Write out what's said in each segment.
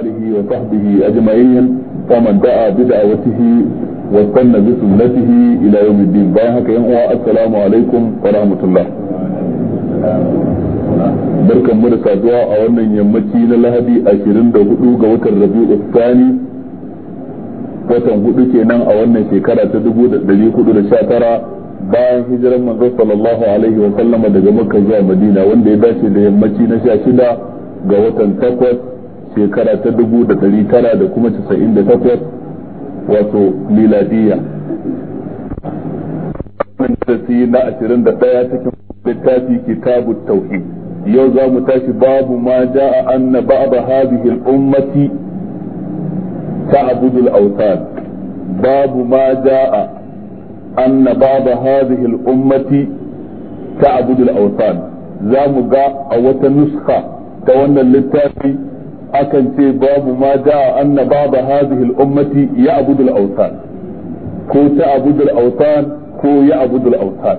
آله وصحبه أجمعين ومن دعا بدعوته واستنى بسنته إلى يوم الدين باهك ينقوى السلام عليكم ورحمة الله barkan mu da saduwa a wannan yammaci na lahadi 24 ga watan rabi'u tsani watan hudu kenan a wannan shekara ta 1419 bayan hijiran manzo sallallahu alaihi wa sallama daga makka zuwa madina wanda ya dace da yammaci na shida ga watan takwas shekara ta dubu da dari tara da kuma casa'in da takwas wato miladiya darasi na ashirin da ɗaya cikin littafi kitabu tauhid yau za mu tashi babu ma ja'a anna ba'd hadhihi al-ummati ta'budu al babu ma ja'a anna ba'd hadhihi al-ummati ta'budu al za mu ga a wata nuskha ta wannan littafi akan ce babu ma da anna baba hadhihi al-ummati ya'budu al-awthan ko ta'budu al-awthan ko ya'budu al-awthan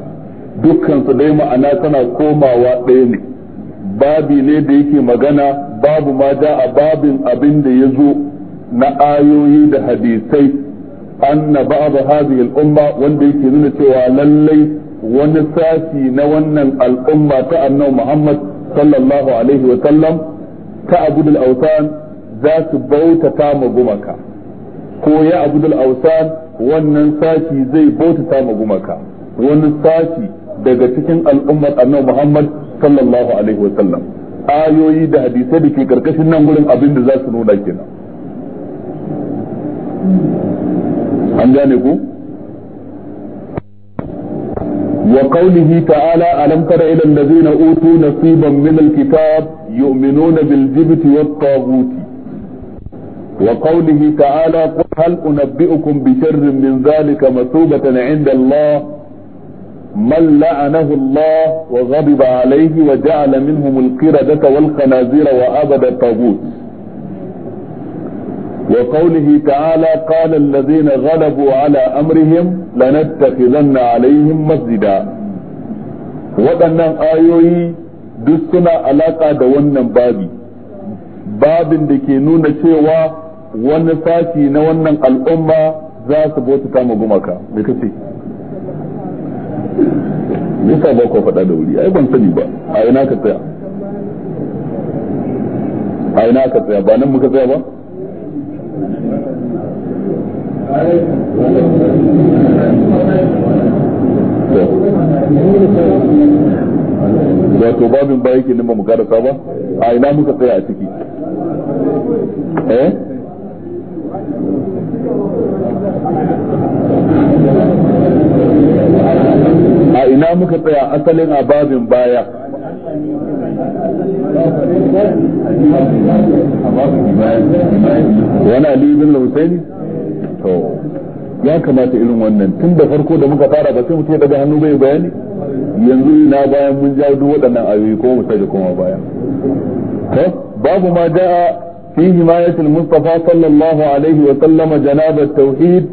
dukkan su dai ma'ana tana komawa ɗaya ne babi ne da yake magana babu ma da a babin abin da ya zo na ayoyi da hadisai anna ba'da hadhihi al-umma wanda yake nuna cewa lallai wani sashi na wannan al'umma ta annabi Muhammad sallallahu alaihi wa sallam ta abudul autan za su bautata ma gumaka ko ya abudul autan wannan sashi zai bautata ma gumaka wani sashi daga cikin al'ummar annabi Muhammad sallallahu alaihi wasallam ayoyi da hadisai da ke karkashin nan gurin abin da za su nuna kenan an gane ku وقوله تعالى ألم تر إلى الذين أوتوا نصيبا من الكتاب يؤمنون بالجبت والطاغوت وقوله تعالى قل هل أنبئكم بشر من ذلك مثوبة عند الله من لعنه الله وغضب عليه وجعل منهم القردة والخنازير وأبد الطاغوت وقوله تعالى قال الذين غلبوا على أمرهم لنتخذن عليهم مسجدا waɗannan ayoyi duk suna alaƙa da wannan babi babin da ke nuna cewa wani sashi na wannan al'umma za su bauta kama gumaka da kace nisa ba ku faɗa da wuri ai ban sani ba a ina ka tsaya a ina ka tsaya ba nan muka tsaya ba wato babin baya ke nima ba mu karasa ba a ina muka tsaya a ciki eh a ina muka tsaya asalin a babin baya wani ali ibn lautani to ya kamata irin wannan tun da farko da muka fara ba sai mutum daga hannu bai bayani yanzu ina bayan mun ja duk waɗannan ayoyi ko mu sake koma baya to babu ma da'a fi himayatul mustafa sallallahu alaihi wa sallama janabat tauhid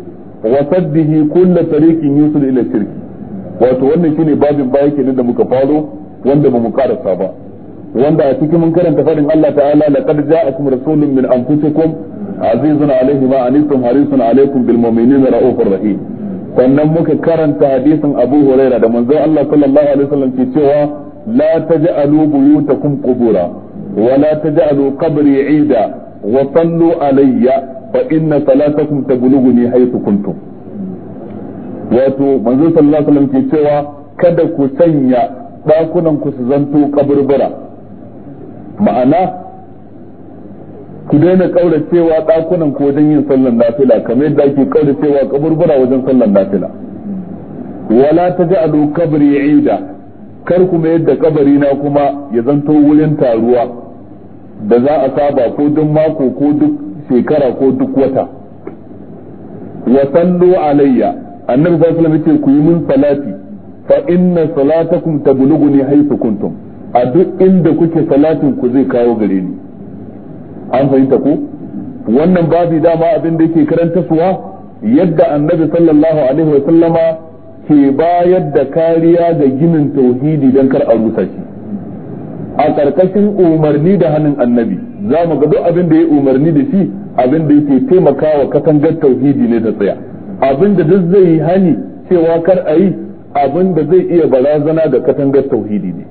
wa saddihi kullu tariqin yusul ila shirki wato wannan shine babin baya kenan da muka faro wanda ba mu karasa ba wanda a cikin mun karanta fadin Allah ta'ala laqad ja'akum rasulun min anfusikum azizun alayhi ma anitum harisun alaykum bil mu'minina raufur rahim sannan muka karanta hadisin Abu Huraira da manzo Allah sallallahu alaihi wasallam ke cewa la taj'alu buyutakum qubura wa la taj'alu qabri 'ida wa sallu alayya fa inna salatakum tablughuni haythu kuntum wato manzo sallallahu alaihi wasallam ke cewa kada ku sanya dakunan ku su zanto kaburbura ma'ana ku daina ƙauracewa dakunan ku wajen yin sallan nafila kamar yadda ake kauracewa kaburbura wajen sallan nafila wala taj'alu qabri 'ida kar ku mayar da kabari na kuma ya zanto wurin taruwa da za a saba ko duk mako ko duk shekara ko duk wata wa sallu alayya annabi sallallahu alaihi wasallam yace ku yi min salati fa inna salatakum tablughuni haythu kuntum a duk inda kuke salatin ku zai kawo gare ni an fahimta ku wannan babi dama abin da yake karanta suwa yadda annabi sallallahu alaihi wa sallama ke bayar da kariya ga ginin tauhidi don kar a rusa shi a ƙarƙashin umarni da hannun annabi za mu ga duk abin da ya umarni da shi abin da yake taimakawa katangar tauhidi ne da tsaya abin da duk zai yi hani cewa kar a yi abin da zai iya barazana ga katangar tauhidi ne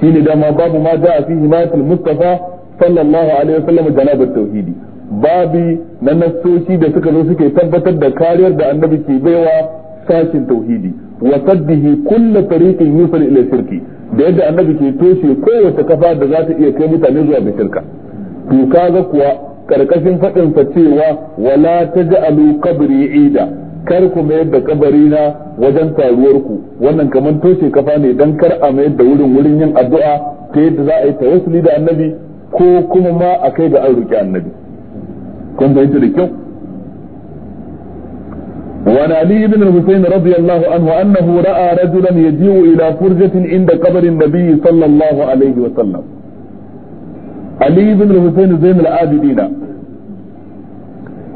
shine dama babu ma da fi himayatul mustafa sallallahu alaihi wasallam tauhidi babi na nassoci da suka zo suke tabbatar da kariyar da annabi ke baiwa sashin tauhidi wa saddihi kullu tariqin yusul ila shirki da yadda annabi ke toshe kowace kafa da za ta iya kai mutane zuwa ga shirka to kaga kuwa karkashin fadin sa cewa wala taj'alu qabri ida kar ku mayar da kabari na wajen taruwar ku wannan kamar toshe kafa ne dan kar a mayar da wurin wurin yin addu'a ta yadda za a yi tawassuli da annabi ko kuma ma a kai ga an roki annabi kun fahimta da kyau وعن علي بن الحسين رضي الله عنه أنه رأى رجلا يجيء إلى فرجة عند قبر النبي صلى الله عليه وسلم علي بن الحسين زين العابدين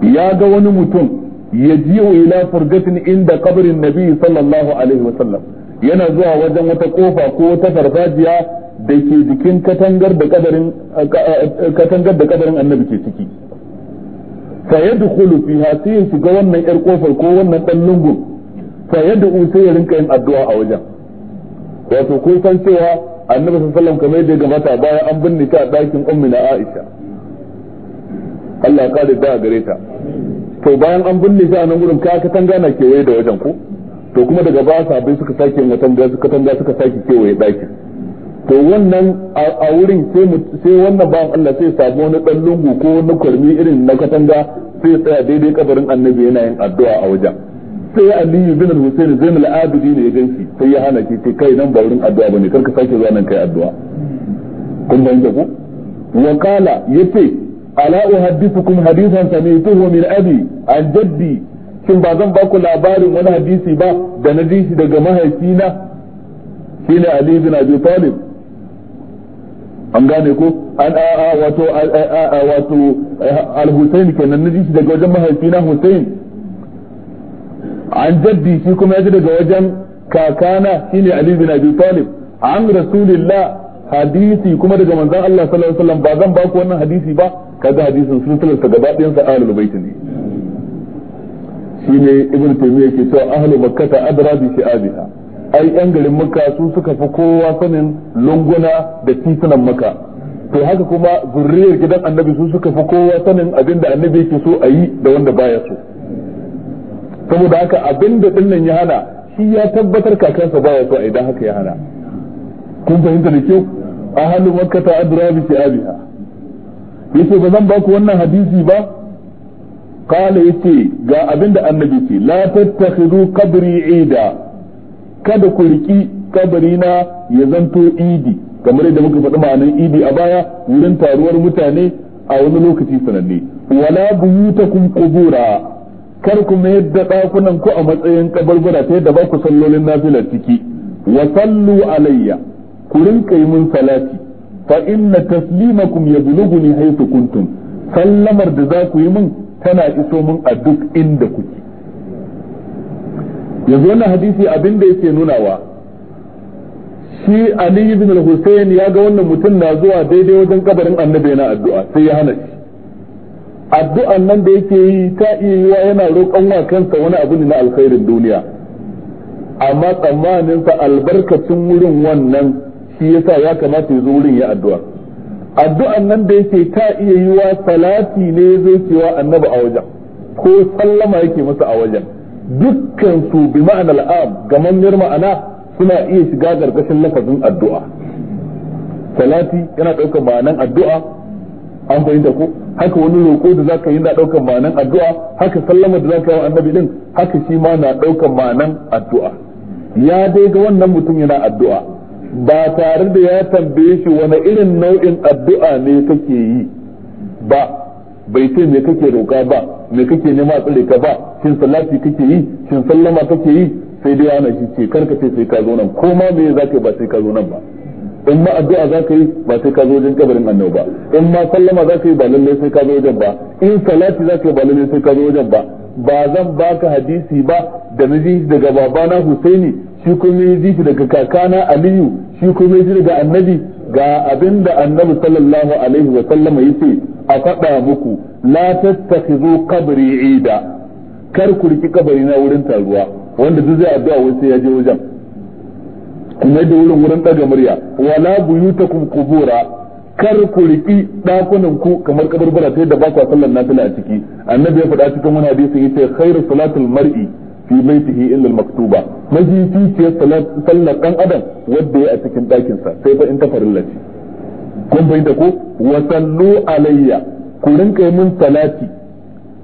يا قوان متون yaji'u ila furgatin inda qabrin nabi sallallahu alaihi wasallam yana zuwa wajen wata kofa ko wata farfajiya da ke jikin katangar da kadarin katangar da kadarin annabi ke ciki fa yadkhulu fiha sai ya shiga wannan yar kofar ko wannan dan lungu fa yad'u sai ya rinka yin addu'a a wajen wato kun san cewa annabi sallallahu alaihi wasallam kamar yadda gabata baya an binne ta a dakin ummi na Aisha Allah ya kare da gareta. to bayan an binne shi a nan gurin ka katanga na kewaye da wajen ko to kuma daga ba bai suka sake yin katanga suka katanga suka sake kewaye dakin. to wannan a wurin sai wannan bawan Allah sai samu wani dan lungu ko wani kurmi irin na katanga sai tsaya daidai kabarin annabi yana yin addu'a a wajen sai aliyu bin al-husayn zain al-abidi ne ya ganki sai ya hana shi kai nan ba wurin addu'a bane karka sake zuwa nan kai addu'a kun bayyana ku wa qala yace ألا أحدثكم حديثا سمعته من أبي عن جدي shin ba zan baku labarin wani hadisi ba da na ji daga mahaifina shine an gane ko an aa wato wato al-Husayn kenan na ji shi daga wajen mahaifina Husayn an jaddi shi kuma ya ji daga wajen kakana shine Ali bin Abi Talib an rasulillah hadisi kuma daga manzon Allah sallallahu alaihi wasallam ba zan ba ku wannan hadisi ba kaga hadisin silsilar ta gaba ɗayan sa ahlul bait ne shine ibn taymiyyah ke cewa ahlul makkah adra bi shi'abiha ai yan garin makka su suka fi kowa sanin lunguna da titunan makka to haka kuma zurriyar gidan annabi su suka fi kowa sanin abin annabi yake so a yi da wanda baya so saboda haka abin da dinnan ya hana shi ya tabbatar kakansa baya so a idan haka ya hana kun fahimta da kyau ahlu makkata adra bi shi'abiha yace ba zan ba ku wannan hadisi ba qala yace ga abinda annabi ce la tattakhidu qabri ida kada ku riki kabari na ya zanto idi kamar da muka faɗi ma'anan idi a baya wurin taruwar mutane a wani lokaci sananne wala buyutakum qubura kar ku mayar da ɗakunan ku a matsayin kabarbara sai da ba ku sallolin nafila ciki wasallu sallu alayya Kurin kai mun salati fa inna taslimakum yablughuni haythu kuntum sallamar da za ku yi mun tana iso mun a duk inda kuke yanzu wannan hadisi abin da yake nunawa shi Ali ibn al-Husayn ya ga wannan mutum na zuwa daidai wajen kabarin annabi yana addu'a sai ya hana shi addu'an nan da yake yi ta iya yiwa yana roƙon wa kansa wani abu ne na alkhairin duniya amma tsammaninsa albarkacin wurin wannan shi yasa ya kamata ya zo wurin ya addu'a addu'an nan da yake ta iya yiwa salati ne zai cewa annabi a wajen ko sallama yake masa a wajen dukkan su bi ma'anar am gamammiyar ma'ana suna iya shiga gargashin lafazin addu'a salati yana ɗaukar ma'anan addu'a an fahimta ko haka wani roƙo da zaka yi na ɗaukar ma'anan addu'a haka sallama da zaka yi wa annabi din haka shi ma na ɗaukar ma'anan addu'a ya dai ga wannan mutum yana addu'a ba tare da ya tambaye shi wani irin nau'in addu'a ne kake yi ba bai ce me kake roƙa ba me kake nema tsare ka ba shin salati kake yi shin sallama kake yi sai dai ana shi ce karka ce sai ka zo nan ko ma me zaka ba sai ka zo nan ba in ma addu'a za ka yi ba sai ka zo wajen kabarin annabi ba in ma sallama za ka yi ba lalle sai ka zo wajen ba in salati za ka yi ba lalle sai ka zo wajen ba ba zan baka hadisi ba da naji daga babana Husaini shi kuma ya ji daga kakana aliyu shi kuma ya daga annabi ga abinda annabi sallallahu alaihi wa sallama yace a faɗa muku la tattakhizu qabri ida kar ku riki kabari na wurin taruwa wanda duk zai addu'a wai sai ya je wajen kuma da wurin wurin daga murya wala buyutakum qubura kar ku riki dakunan ku kamar bara sai da ba ku sallar nafila a ciki annabi ya faɗa cikin wani hadisi yace khairu salatul mar'i fi baitihi illa al-maktuba mafi ficiyar sallar dan adam wanda ya a cikin ɗakin sa sai fa in ta farilla ce kun bai da ko wa sallu alayya ku rinka min salati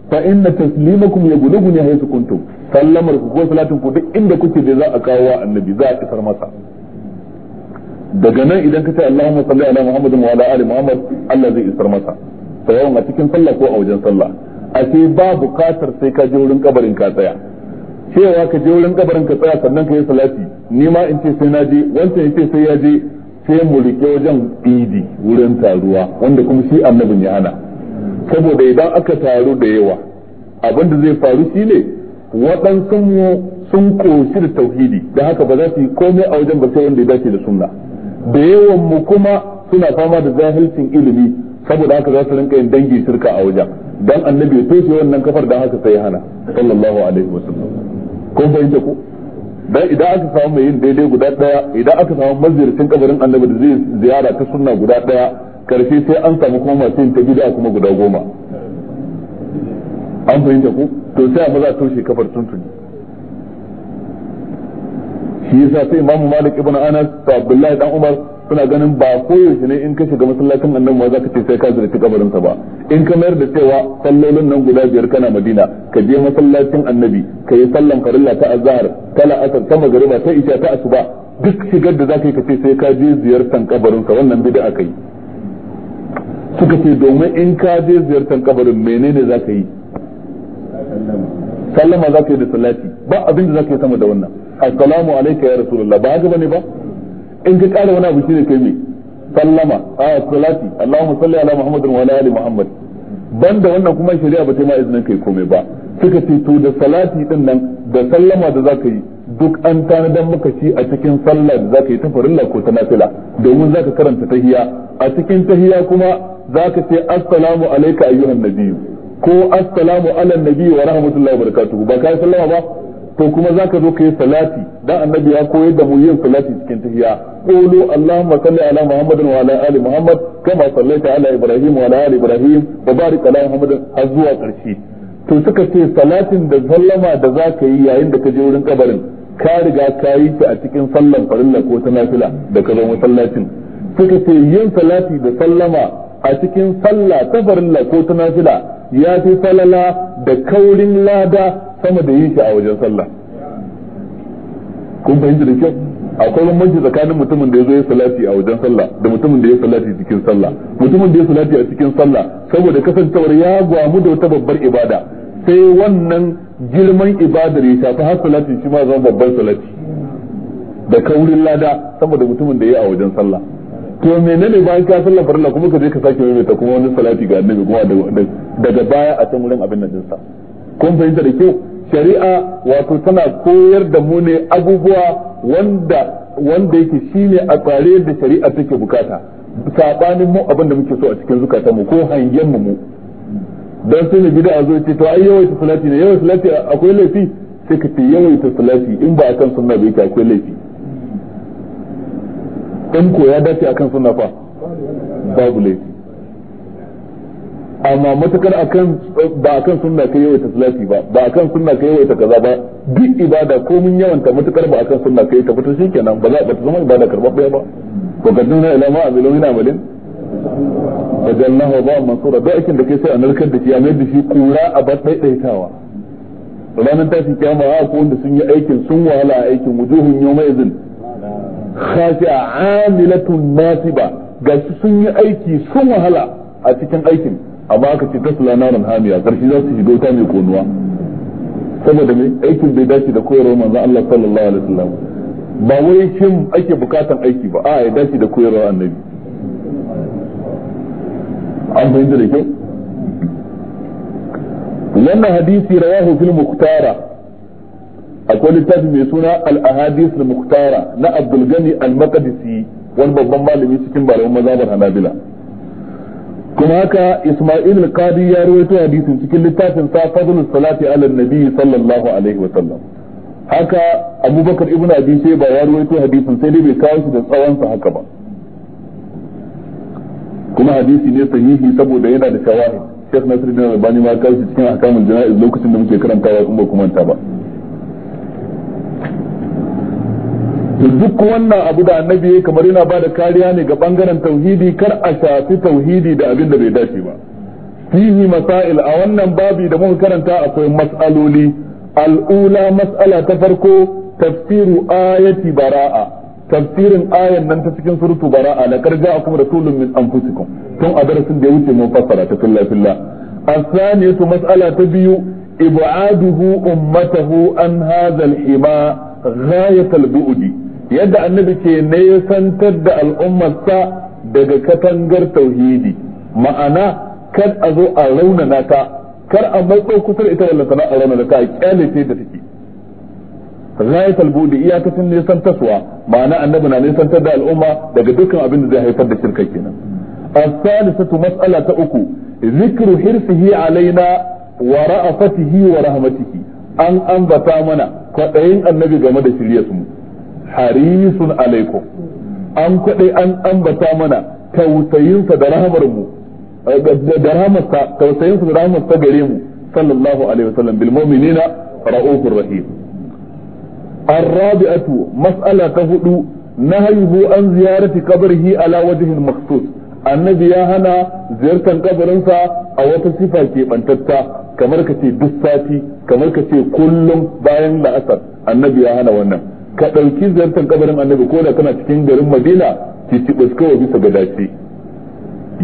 fa inna taslimakum yablughuni haythu kuntum sallamar ku ko salatin ku duk inda kuke da za a kawo wa annabi za a isar masa daga nan idan ka ce Allahumma salli ala Muhammadin wa ala ali Muhammad Allah zai isar masa sayawan a cikin sallah ko a wajen sallah a ce ba bukatar sai ka je wurin kabarin ka tsaya cewa ka je wurin kabarin ka tsaya sannan ka yi salati ni ma in ce sai na je wancan ya ce sai ya je sai mu rike wajen idi wurin taruwa wanda kuma shi annabin ya ana. saboda idan aka taru da yawa abin da zai faru shine waɗansu mu sun koshi da tauhidi da haka ba za su yi komai a wajen ba sai wanda ya dace da sunna da yawan mu kuma suna fama da zahilcin ilimi saboda haka za su rinka yin dangi shirka a wajen dan annabi ya toshe wannan kafar dan haka sai hana sallallahu alaihi wasallam bai ta ko dan idan aka samu mai yin daidai guda daya idan aka samu mazircin kabarin annabi da zai ziyara ta sunna guda daya karshe sai an samu kuma masu yin ta bid'a kuma guda goma an fahimta ko to sai a za a toshe kafar tuntuni shi yasa sai imamu malik ibn anas ta abdullahi dan umar suna ganin ba koyaushe ne in ka shiga masallacin annabi ma zaka ce sai ka zurfi kabarinsa ba in ka mayar da cewa sallolin nan guda biyar kana Madina ka je masallacin annabi ka yi sallan farilla ta azhar ta la'asar ta magriba ta isha ta asuba duk shigar da zaka yi ka ce sai ka je ziyartar kabarinsa wannan bid'a kai suka ce domin in ka je ziyartar kabarin menene zaka yi sallama zaka yi da salati ba abin da zaka yi sama da wannan assalamu alayka ya rasulullah ba haka bane ba in ka ƙara wani abu shine kai mai sallama a salati Allahumma salli ala Muhammadin wa ala ali Muhammad banda wannan kuma shari'a ba ta ma iznin kai komai ba suka ce to da salati din nan da sallama da zaka yi duk an tanadan maka ci a cikin sallah da zaka yi ta farilla ko ta nafila domin zaka karanta tahiya a cikin tahiya kuma zaka ce assalamu alayka ayyuhan nabiyyu ko assalamu ala nabiyyi wa rahmatullahi wa barakatuhu ba kai sallama ba To kuma zaka zo ka yi salati dan annabi ya koyar da mu yin salati cikin tafiya. qulu allahumma salli ala muhammadin wa ala ali muhammad kama sallaita ala ibrahim wa ala ali ibrahim wa barik ala muhammadin har zuwa karshe to suka ce salatin da sallama da zaka yi yayin da ka je wurin kabarin ka riga ka yi ta a cikin sallan farilla ko ta nafila da ka zo masallacin suka ce yin salati da sallama a cikin sallah ta farilla ko ta nafila ya fi falala da kaurin lada sama da yin shi a wajen sallah kun fahimta da kyau akwai bambanci tsakanin mutumin da ya zo ya salati a wajen sallah da mutumin da ya salati cikin sallah mutumin da ya salati a cikin sallah saboda kasancewar ya gwamu da wata babbar ibada sai wannan girman ibadar ya shafi har salati shi ma zama babban salati da kaurin lada saboda mutumin da ya a wajen sallah to menene bayan ka sallah farilla kuma ka je ka sake maimaita kuma wani salati ga annabi kuma daga baya a can wurin abin nan sa kun fahimta da kyau shari'a wato tana koyar da mu ne abubuwa wanda wanda yake shine a tsare da shari'a take bukata sabanin mu abin da muke so a cikin zukata mu ko hangen mu mu dan sai ne a zo ce to ai yawaita salati ne yawaita salati akwai laifi sai ka ce yawaita salati in ba akan sunna ba yake akwai laifi in ko ya dace akan sunna fa babu laifi amma matukar akan ba akan sunna kai yawaita salati ba ba akan sunna kai yawaita kaza ba duk ibada ko mun yawanta matukar ba akan sunna kai ta fito shikenan ba za ba ta zama ibada karbabbiya ba ko kadduna ila ma amilu min amalin wa ba mansura da aikin da kai sai a narkar da shi a mai da shi kura a ba bar daidaitawa ranar tashin kiyama ha ko wanda sun yi aikin sun wahala a aikin wujuhun yawma izin khashi'a amilatun nasiba gashi sun yi aiki sun wahala a cikin aikin amma aka ce tasla naran hamiya karshe za su shiga wuta mai konuwa saboda mai aikin bai dace da koyarwar manzon Allah sallallahu alaihi wasallam ba wai kin ake bukatan aiki ba a ya dace da koyarwar annabi an fahimta da kyau wannan hadisi rawahu fil muqtara akwai littafi mai suna al ahadith al muqtara na abdul gani al maqdisi wani babban malami cikin malaman mazhabar hanabila kuma haka Isma'il al-Qadi ya rawaito hadisin cikin littafin sa fadlus salati ala nabi sallallahu alaihi wa sallam haka Abubakar ibn Abi Shayba ya rawaito hadisin sai dai bai kawo shi da tsawon sa haka ba kuma hadisi ne sahihi saboda yana da shawahid Sheikh Nasiruddin Albani ma kawo shi cikin ahkamul jana'iz lokacin da muke karantawa kuma kuma ta ba to duk wannan abu da annabi ya kamar yana bada kariya ne ga bangaren tauhidi kar a shafi tauhidi da abin da bai dace ba fihi masail a wannan babi da muka karanta akwai mas'aloli al'ula mas'ala ta farko tafsiru ayati bara'a tafsirin ayan nan ta cikin surutu bara'a la karja akum rasulun min anfusikum tun a darasin da ya wuce mun fassara ta fillah a as-saniyatu mas'ala ta biyu ib'aduhu ummatahu an hadha al-hima ghayat al-bu'di yadda annabi ke nesantar da al'ummarsa daga katangar tauhidi ma'ana kar a zo a raunana ta kar a matso kusa ita wala sana a raunana ta a kyale ce da take ghayat al iyakacin nesantarwa ma'ana annabi na nesantar da al'umma daga dukkan abin da zai haifar da shirka kenan الثالثة مسألة أكو wa حرصه علينا ورأفته ورحمته أن أنبتا منا كأين النبي جمد شريته harisun alaikum an kadai an ambata mana tausayinsa da rahamarmu da rahamarsa tausayinsa da rahamarsa gare mu sallallahu alaihi wasallam bil mu'minina ra'ufur rahim الرابعة مسألة تهدو نهيه an زيارة قبره على وجه مخصوص annabi ya hana ziyartar kabarinsa a wata sifa keɓantatta kamar ka ce duk sati kamar ka ce kullum bayan la'asar annabi ya hana wannan ka ɗauki ziyartar kabarin annabi ko da kana cikin garin madina ki ci kawai bisa ga dace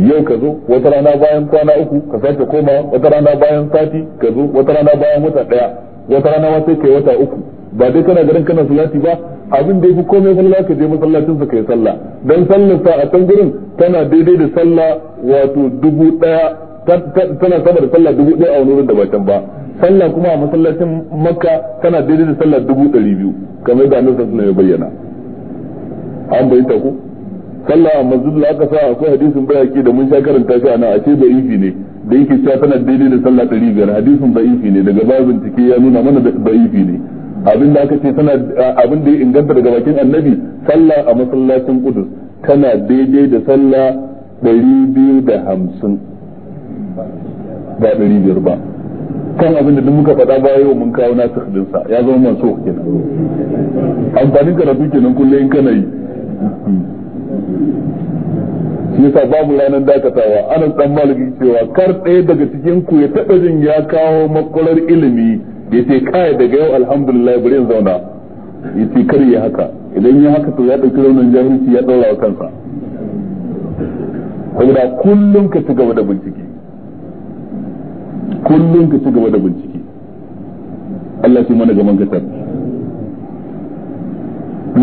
yau ka zo wata rana bayan kwana uku ka sake koma wata rana bayan sati ka zo wata rana bayan wata daya wata rana ma sai kai wata uku ba dai kana garin kana salati ba abin da yafi komai sallah ka je masallacin sa kai sallah dan sallar sa a can gurin tana daidai da sallah wato dubu daya tana sama da sallah dubu daya a wani wurin da ba can ba sallah kuma a masallacin makka tana daidai da sallah dubu ɗari biyu kamar yadda annabi sallallahu alaihi bayyana an bayyana ku sallah a masjidul aqsa akwai hadisin bayaki da mun sha karanta shi ana a ce da ifi ne da yake cewa tana daidai da sallah ɗari biyar hadisin da ifi ne daga babin cike ya nuna mana da ifi ne abin da aka ce tana abin da ya inganta daga bakin annabi sallah a masallacin kudu tana daidai da sallah ɗari biyu da hamsin ba ɗari biyar ba kan abin da muka faɗa ba yau mun kawo nasu din sa ya zama manso kenan amfanin karatu kenan kullum in kana yi shi babu ranar dakatawa ana dan maliki cewa kar ɗaya daga cikin ku ya taɓa jin ya kawo makwalar ilimi da ce kai daga yau alhamdulillah bari in zauna ya ce kar ya haka idan ya haka to ya ɗauki raunin jahilci ya ɗaura wa kansa saboda kullum ka ci gaba da bincike kullum ka ci gaba da bincike Allah shi mana gaban kasar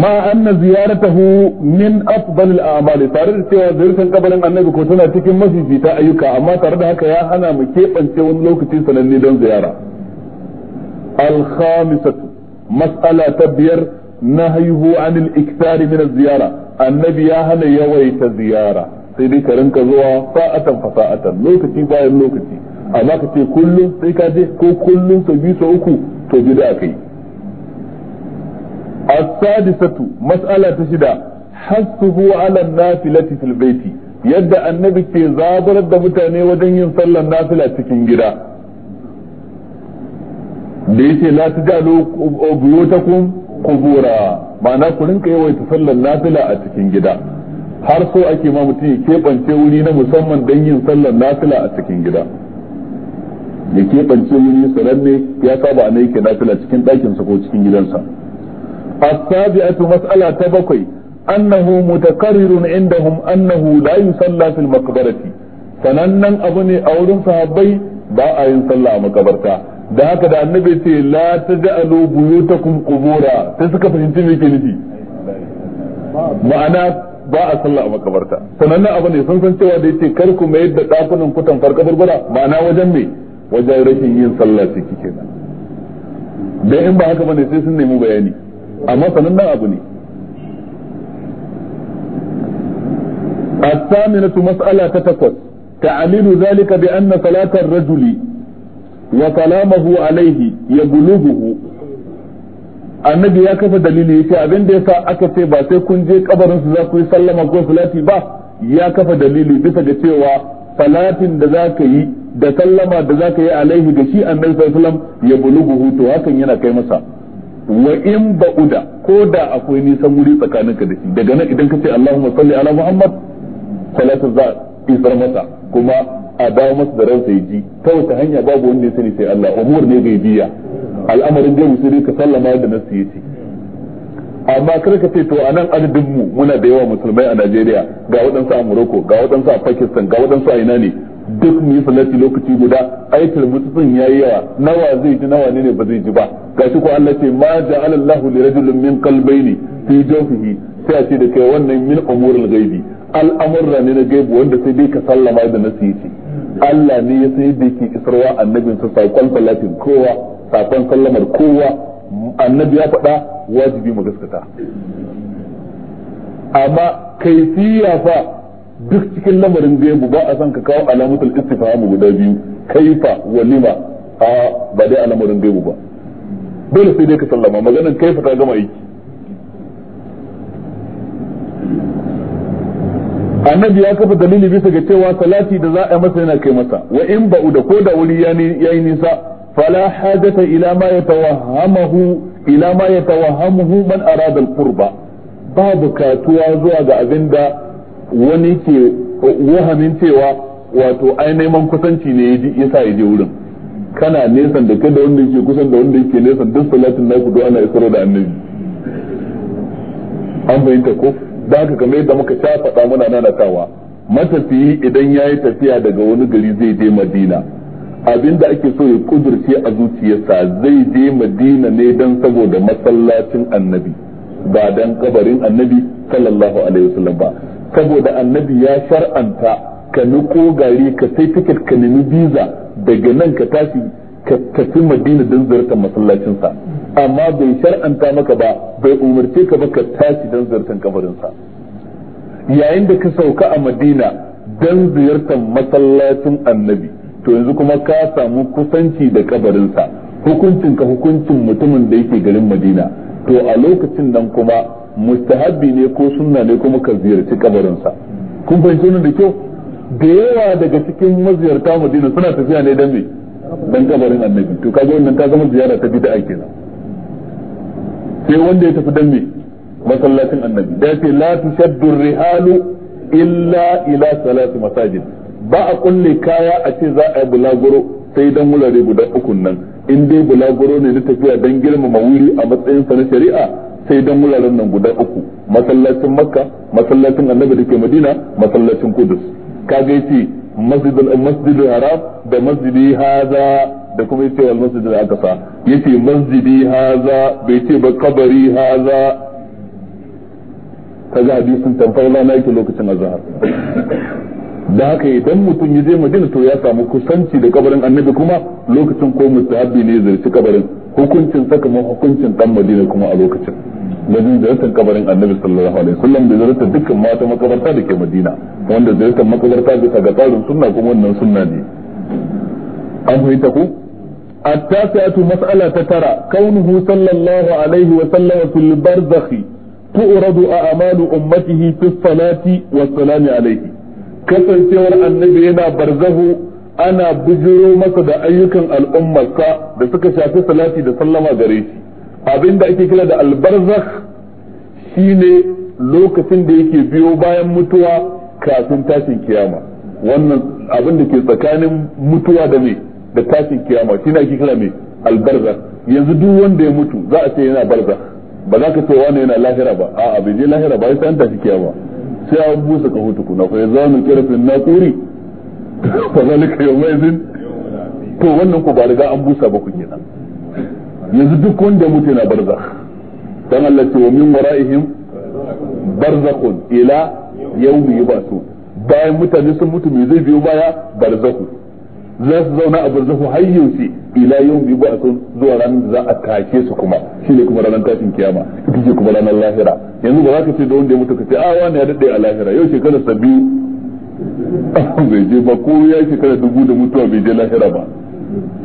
ma anna ziyaratahu min afdal al-a'mal tare da cewa ziyartar kabarin annabi ko tana cikin mafi fita ayyuka amma tare da haka ya hana mu keɓance wani lokaci sananne don ziyara al-khamisatu mas'ala ta biyar nahayuhu anil iktari min ziyara annabi ya hana yawaita ziyara sai dai ka rinka zuwa sa'atan fasa'atan lokaci bayan lokaci amma ka ce kullum sai ka je ko kullum sau biyu sau uku to da yi a as-sadisatu mas'ala ta shida hasuhu ala nafilati fil baiti yadda annabi ke zabar da mutane wajen yin sallar nafila cikin gida da yake la tajalu buyutakum qubura ma'ana ku rinka yawaita sallar nafila a cikin gida har so ake ma mutum ya kebance wuri na musamman don yin sallar nafila a cikin gida ya keɓance wuri sananne ya saba na yake nafila cikin ɗakinsa ko cikin gidansa a tu mas'ala ta bakwai annahu mutakarrirun indahum annahu la yusalla fil maqbarati sanannan abu ne a wurin sahabbai ba a yin sallah a makabarta da haka da annabi ce la taj'alu buyutakum qubura sai suka fahimci me ke nufi ma'ana ba a sallah a makabarta sanannan abu ne sun san cewa da yace kar ku mayar da dakunan kutan farkabar burbura ma'ana wajen me wajen rashin yin sallah ciki kenan in ba haka bane sai sun nemi bayani amma sanannen abu ne الثامنة مسألة تتكت تعليل ذلك بأن صلاة alaihi ya bulu buhu, annabi ya kafa dalili yace abin da yasa aka ce ba sai kun je kabarin su za ku yi sallama ko salati ba ya kafa dalili bisa ga cewa salatin da za ka yi da sallama da za ka yi alaihi da shi annabi sallallahu ya bulugu to hakan yana kai masa wa in ba'uda ko da akwai nisan wuri tsakaninka da shi daga nan idan ka ce Allahumma salli ala Muhammad salatu za isar masa kuma a dawo masa da ransa yaji ta wata hanya babu wanda ya sani sai Allah umur ne biya al'amarin gaibi sai ka sallama da nasu yace amma kar ka ce to a nan adadin mu muna da yawa musulmai a Najeriya ga waɗansu a Morocco ga waɗansu a Pakistan ga wadansu a ina ne duk mu yi salati lokaci guda aikar mutum yi yawa nawa zai ji nawa ne ba zai ji ba gashi ko Allah ce ma ja'ala Allahu li rajulin min qalbayni fi jawfihi sai a ce da kai wannan min umurul ghaibi al'amurra ne na gaibi wanda sai dai ka sallama da nasihi Allah ne ya sai da yake isarwa annabin sa sakon salatin kowa sakon sallamar kowa annabi ya faɗa wajibi mu gaskata amma kaifiya fa duk cikin lamarin gaibu ba a san ka kawo alamatul istifham guda biyu kaifa wa lima a ba dai alamarin gaibu ba dole sai dai ka sallama maganar kaifa ta gama aiki annabi ya kafa dalili bisa ga cewa salati da za a masa yana kai masa wa in ba'u da ko da wuri ya yi nisa fala hajata ila ma yatawahhamahu ila ma yatawahhamuhu man arada al-qurba ba bukatuwa zuwa ga abinda wani ke wahamin cewa wato ai neman kusanci ne ya sa ya je wurin kana nesan da da wanda yake kusan da wanda yake nesan duk salatin naku do ana isar da annabi an fahimta ko da haka kamar yadda muka sha faɗa muna nanatawa matafiyi idan ya yi tafiya daga wani gari zai je madina abinda ake so ya kudurce a zuciyarsa zai je madina ne don saboda masallacin annabi ba don kabarin annabi sallallahu alaihi wasallam ba saboda annabi ya shar'anta ka niko gari ka sai tiket ka nemi biza daga nan ka tashi ka tafi madina don ziyartar masallacinsa amma bai shar'anta maka ba bai umarce ka ba ka tashi don ziyartar kabarinsa yayin da ka sauka a madina don ziyartar masallacin annabi to yanzu kuma ka samu kusanci da kabarinsa hukuncin ka hukuncin mutumin da yake garin madina to a lokacin nan kuma mustahabbi ne ko sunna ne kuma ka ziyarci kabarinsa kun fahimci wannan da kyau da yawa daga cikin maziyarta madina suna tafiya ne dan me dan kabarin annabi to kaga wannan ta zama ziyara ta bid'a kenan sai wanda ya tafi dan me masallacin annabi da yace la tushaddu rihalu illa ila salati masajid ba a kulle kaya a ce za a yi bulaguro sai dan wurare guda uku nan in dai bulaguro ne na tafiya dan girmama wuri a matsayin sa na shari'a sai dan wuraren nan guda uku masallacin makka masallacin annabi da ke madina masallacin kudus kaga yace masjidul al haram da masjidi hada da kuma yace wal al aqsa yace masjidi hada bai ce ba kabari hada. kaga hadisin tamfar na yake lokacin azhar da haka idan mutum ya je madina to ya samu kusanci da kabarin annabi kuma lokacin ko mustahabbi ne zai ci kabarin hukuncin saka mu hukuncin dan madina kuma a lokacin wajen ziyartar kabarin annabi sallallahu alaihi wasallam da ziyartar dukkan mata makabarta da ke madina wanda ziyartar makabarta bisa ga tsarin sunna kuma wannan sunna ne an fahimta ku التاسعة مسألة ترى كونه صلى الله عليه وسلم في البرزخ تعرض أعمال أمته في wa والسلام alaihi. kasancewar annabi yana barzahu ana bujiro masa da ayyukan al'ummarsa da suka shafi salati da sallama gare shi abinda ake kira da albarzakh ne lokacin da yake biyo bayan mutuwa kafin tashin kiyama wannan abin da ke tsakanin mutuwa da mai da tashin kiyama shi ne ake kira mai albarzakh yanzu duk wanda ya mutu za a ce yana barzakh ba za ka ce wani yana lahira ba a'a bai je lahira ba ya san tashin kiyama sai an busa kaho tukuna fa yazanu kirafin naquri fa zalika yawmaizin to wannan ku ba riga an busa ba ku kenan yanzu duk wanda mutu yana barzakh dan Allah ce wa min wara'ihim barzakhun ila yawmi yub'asun bayan mutane sun mutu me zai biyo baya barzakhu za su zauna a barzahu har yaushe ila yau bi ba sun zuwa ranar da za a kake su kuma shi ne kuma ranar tashin kiyama ita ce kuma ranar lahira yanzu ba za ka ce da wanda ya mutu ka ce a ah, wani ya daɗe a lahira yau shekara sa biyu bai je ba ko ya shekara dubu da mutuwa bai je lahira ba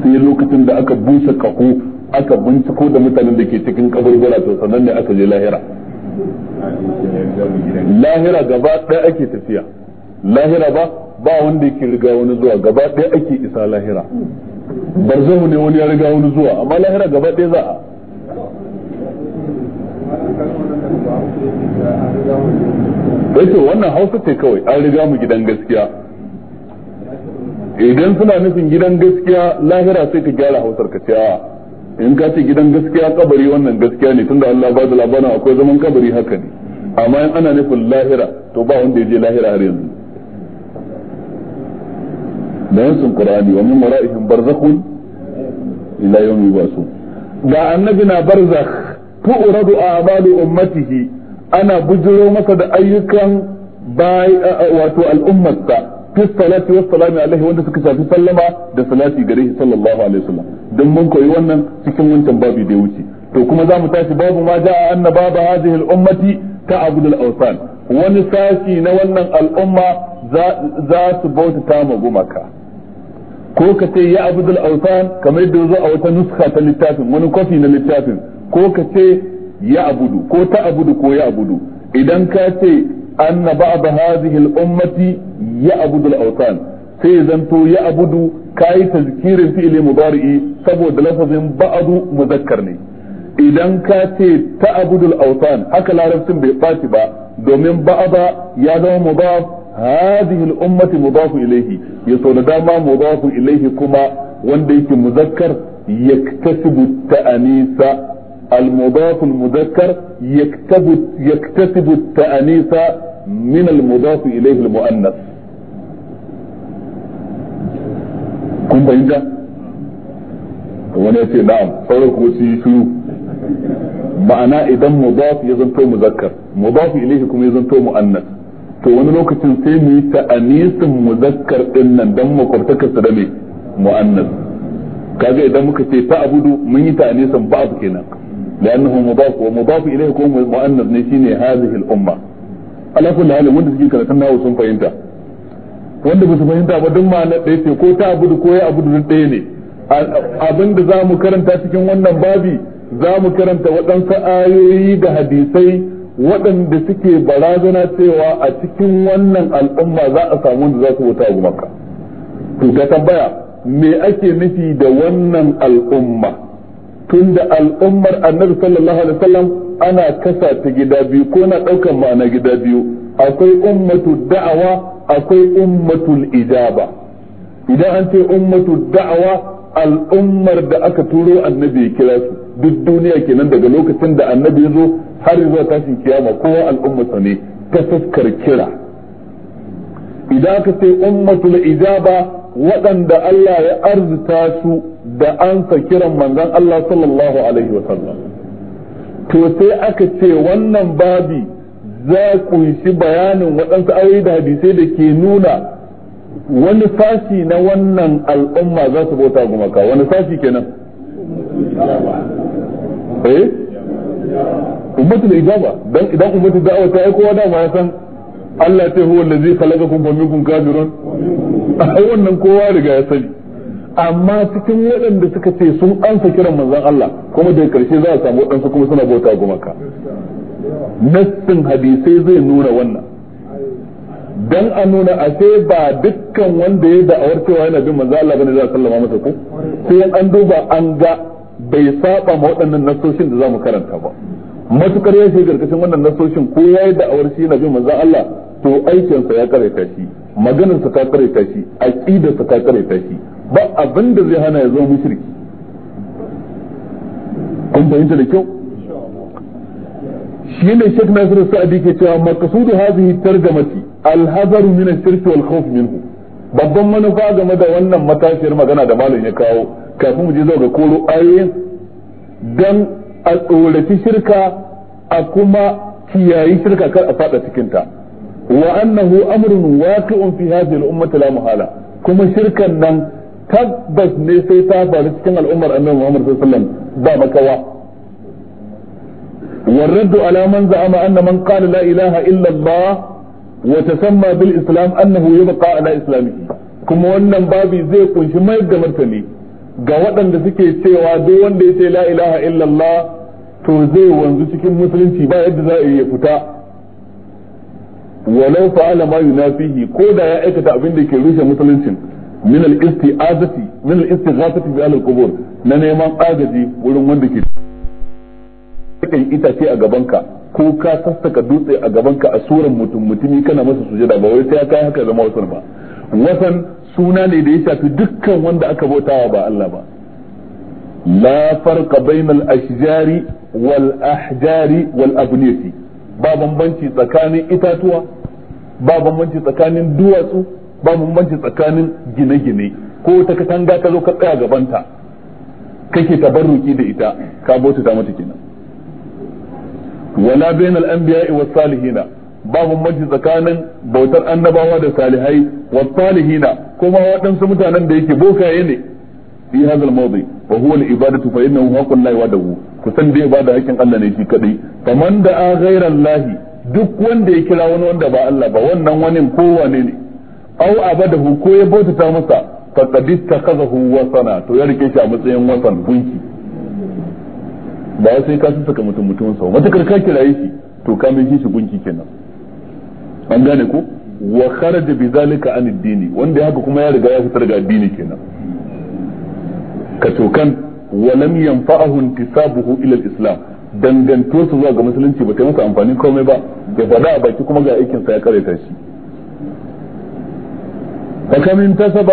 sai lokacin da aka busa kaho aka binciko da mutanen da ke cikin kaburbura to sannan ne aka je lahira lahira gaba ɗaya ake tafiya lahira ba ba wanda yake riga wani zuwa gaba ɗaya ake isa lahira Bar ne wani ya riga wani zuwa amma lahira gaba ɗaya za a yace wannan hausa ce kawai an riga mu gidan gaskiya idan suna nufin gidan gaskiya lahira sai ka gyara hausar ka ce a in ka ce gidan gaskiya kabari wannan gaskiya ne tunda Allah ba da labarin akwai zaman kabari haka ne amma in ana nufin lahira to ba wanda ya je lahira har yanzu da yansun qur'ani wa min wara'ihim barzakhun ila yawmi yub'asun da annabi na barzakh tu'radu a'malu ummatihi ana bujiro masa da ayyukan bai wato al'ummarsa fi salati wa salami alaihi wanda suka shafi sallama da salati gare shi sallallahu alaihi wasallam dan mun koyi wannan cikin wancan babu da ya wuce to kuma za mu tashi babu ma ja'a anna baba hadhihi al-ummati ta'budu al-awsan wani sashi na wannan al'umma za su bautata ma gumaka ko ka ce ya abudul autan kamar yadda zo a wata nuska ta littafin wani kofi na littafin ko ka ce ya abudu ko ta abudu ko ya abudu idan ka ce anna ba'd hadhihi al-ummati ya abudul autan sai zanto ya abudu kayi tazkirin fi'li mudari'i saboda lafazin ba'du muzakkar ne idan ka ce ta abudul autan haka larabcin bai ɓaci ba domin ba'aba ya zama mudaf هذه الأمة مضاف إليه يصول داما مضاف إليه كما وانديك مذكر يكتسب التأنيس المضاف المذكر يكتب يكتسب التأنيس من المضاف إليه المؤنث كن بينجا وانيك نعم صورك وسي شنو معناه إذا مضاف يزنتو مذكر مضاف إليه كما يزنتو مؤنث to wani lokacin sai mu yi ta anisin muzakkar din nan dan makwabtakar su da me mu'annas kaga idan muka ce ta abudu mun yi ta anisin abu kenan لأنه مضاف ومضاف إليه هو مؤنث نشيني هذه umma على كل حال wanda suke karatun nawo sun fahimta wanda ba su fahimta ba duk ma'ana ɗaya ce ko ta abudu ko ya abudu duk ɗaya ne abin da za mu karanta cikin wannan babi za mu karanta waɗansu ayoyi da hadisai waɗanda suke barazana cewa a cikin wannan al'umma za a samu da za su wuta a gumaka to ta tambaya me ake nufi da wannan al'umma tunda al'ummar annabi sallallahu alaihi wasallam ana kasa ta gida biyu ko na ɗaukar ma'ana gida biyu akwai ummatu da'awa akwai ummatul ijaba idan an ce ummatu da'awa al'ummar da aka turo annabi ya kira su duk duniya kenan daga lokacin da annabi ya zo har zuwa tashin kiyama kowa al'ummarsa ne ta fuskar kira idan aka ce ummatul ijaba waɗanda Allah ya arzuta su da ansa kiran manzon Allah sallallahu alaihi wa sallam to sai aka ce wannan babi za kunshi bayanin waɗansu aure da hadisai da ke nuna wani sashi na wannan al'umma za su bauta gumaka wani sashi kenan eh ummatul ijaba dan idan ummatul da'awa ta aiko wa dama ya san Allah ta huwa allazi khalaqakum wa minkum kafirun ai wannan kowa riga ya sani amma cikin waɗanda suka ce sun ansa kiran manzon Allah kuma daga karshe za a samu waɗansu kuma suna bauta gumaka nassin hadisai zai nuna wannan dan a nuna a sai ba dukkan wanda ya da'awar cewa yana bin manzon Allah bane za a sallama masa ko sai an duba an ga bai saba ma waɗannan nasoshin da za mu karanta ba matukar ya shiga karkashin wannan nasoshin ko ya yi da'awar shi na bin manzo Allah to aikinsa ya karaita shi maganarsa ta karaita shi aqidarsa ta karaita shi ba abin da zai hana ya zama mushriki kun fahimta da kyau shi ne Sheikh Nasiru Sa'adi ke cewa maqsudu hadhihi tarjamati al min ash-shirk wal khawf minhu babban manufa game da wannan matashiyar magana da malam ya kawo kafin mu je zuwa ga koro ayoyin dan a tsoraci shirka a kuma kiyayi shirka kar a fada cikinta wa annahu amrun waqi'un fi hadhihi al-ummati la muhala kuma shirkan nan tabbas ne sai ta faru cikin al'ummar annabi Muhammad sallallahu alaihi wasallam ba makawa والرد على من زعم أن من قال لا إله إلا الله وتسمى بالإسلام أنه يبقى على إسلامه كما أن بابي زي كنش ما يبقى مرتني ga waɗanda suke cewa duk wanda ya ce la ilaha illallah to zai wanzu cikin musulunci ba yadda za a iya fita walau fa'ala ma yunafihi ko da ya aikata abin da ke rushe musuluncin min al-isti'azati min al-istighathati bi al-qubur na neman agaji wurin wanda ke kan itace a gabanka ko ka sassaka dutse a gabanka a suran mutum mutumi kana masa sujada ba wai sai ka haka zama wasan ba watan suna ne da ya shafi dukkan wanda aka bautawa ba Allah ba la farqa bainal ashjari wal ahjari wal abniyati ba bambanci tsakanin itatuwa ba bambanci tsakanin duwatsu ba bambanci tsakanin gine-gine ko ta katanga ka zo ka tsaya gabanta kake tabarruki da ita ka bauta ta mata kenan wala bainal anbiya'i was salihina babu maji tsakanin bautar annabawa da salihai wa salihina kuma waɗansu mutanen da yake bokaye ne fi hadha al-mawdi wa huwa al-ibadatu fa innahu haqqul lahi wadahu ku san da ibada hakkin Allah ne shi kadai faman da a ghayra Allah duk wanda ya kira wani wanda ba Allah ba wannan wani wane ne aw abadahu ko ya bautata masa faqad wa sana to ya rike shi a matsayin wasan gunki ba sai ka saka mutum mutumin sa matakar ka kira shi to ka mai shi gunki kenan an gane ko wa kharaja bi zalika an ad-dini wanda haka kuma ya riga ya fitar ga addini kenan ka tokan wa lam yanfa'ahu intisabuhu ila al-islam dangantuwar su zuwa ga musulunci ba ta masa amfani komai ba bai faɗa a baki kuma ga aikin sa ya karanta shi فكم انتسب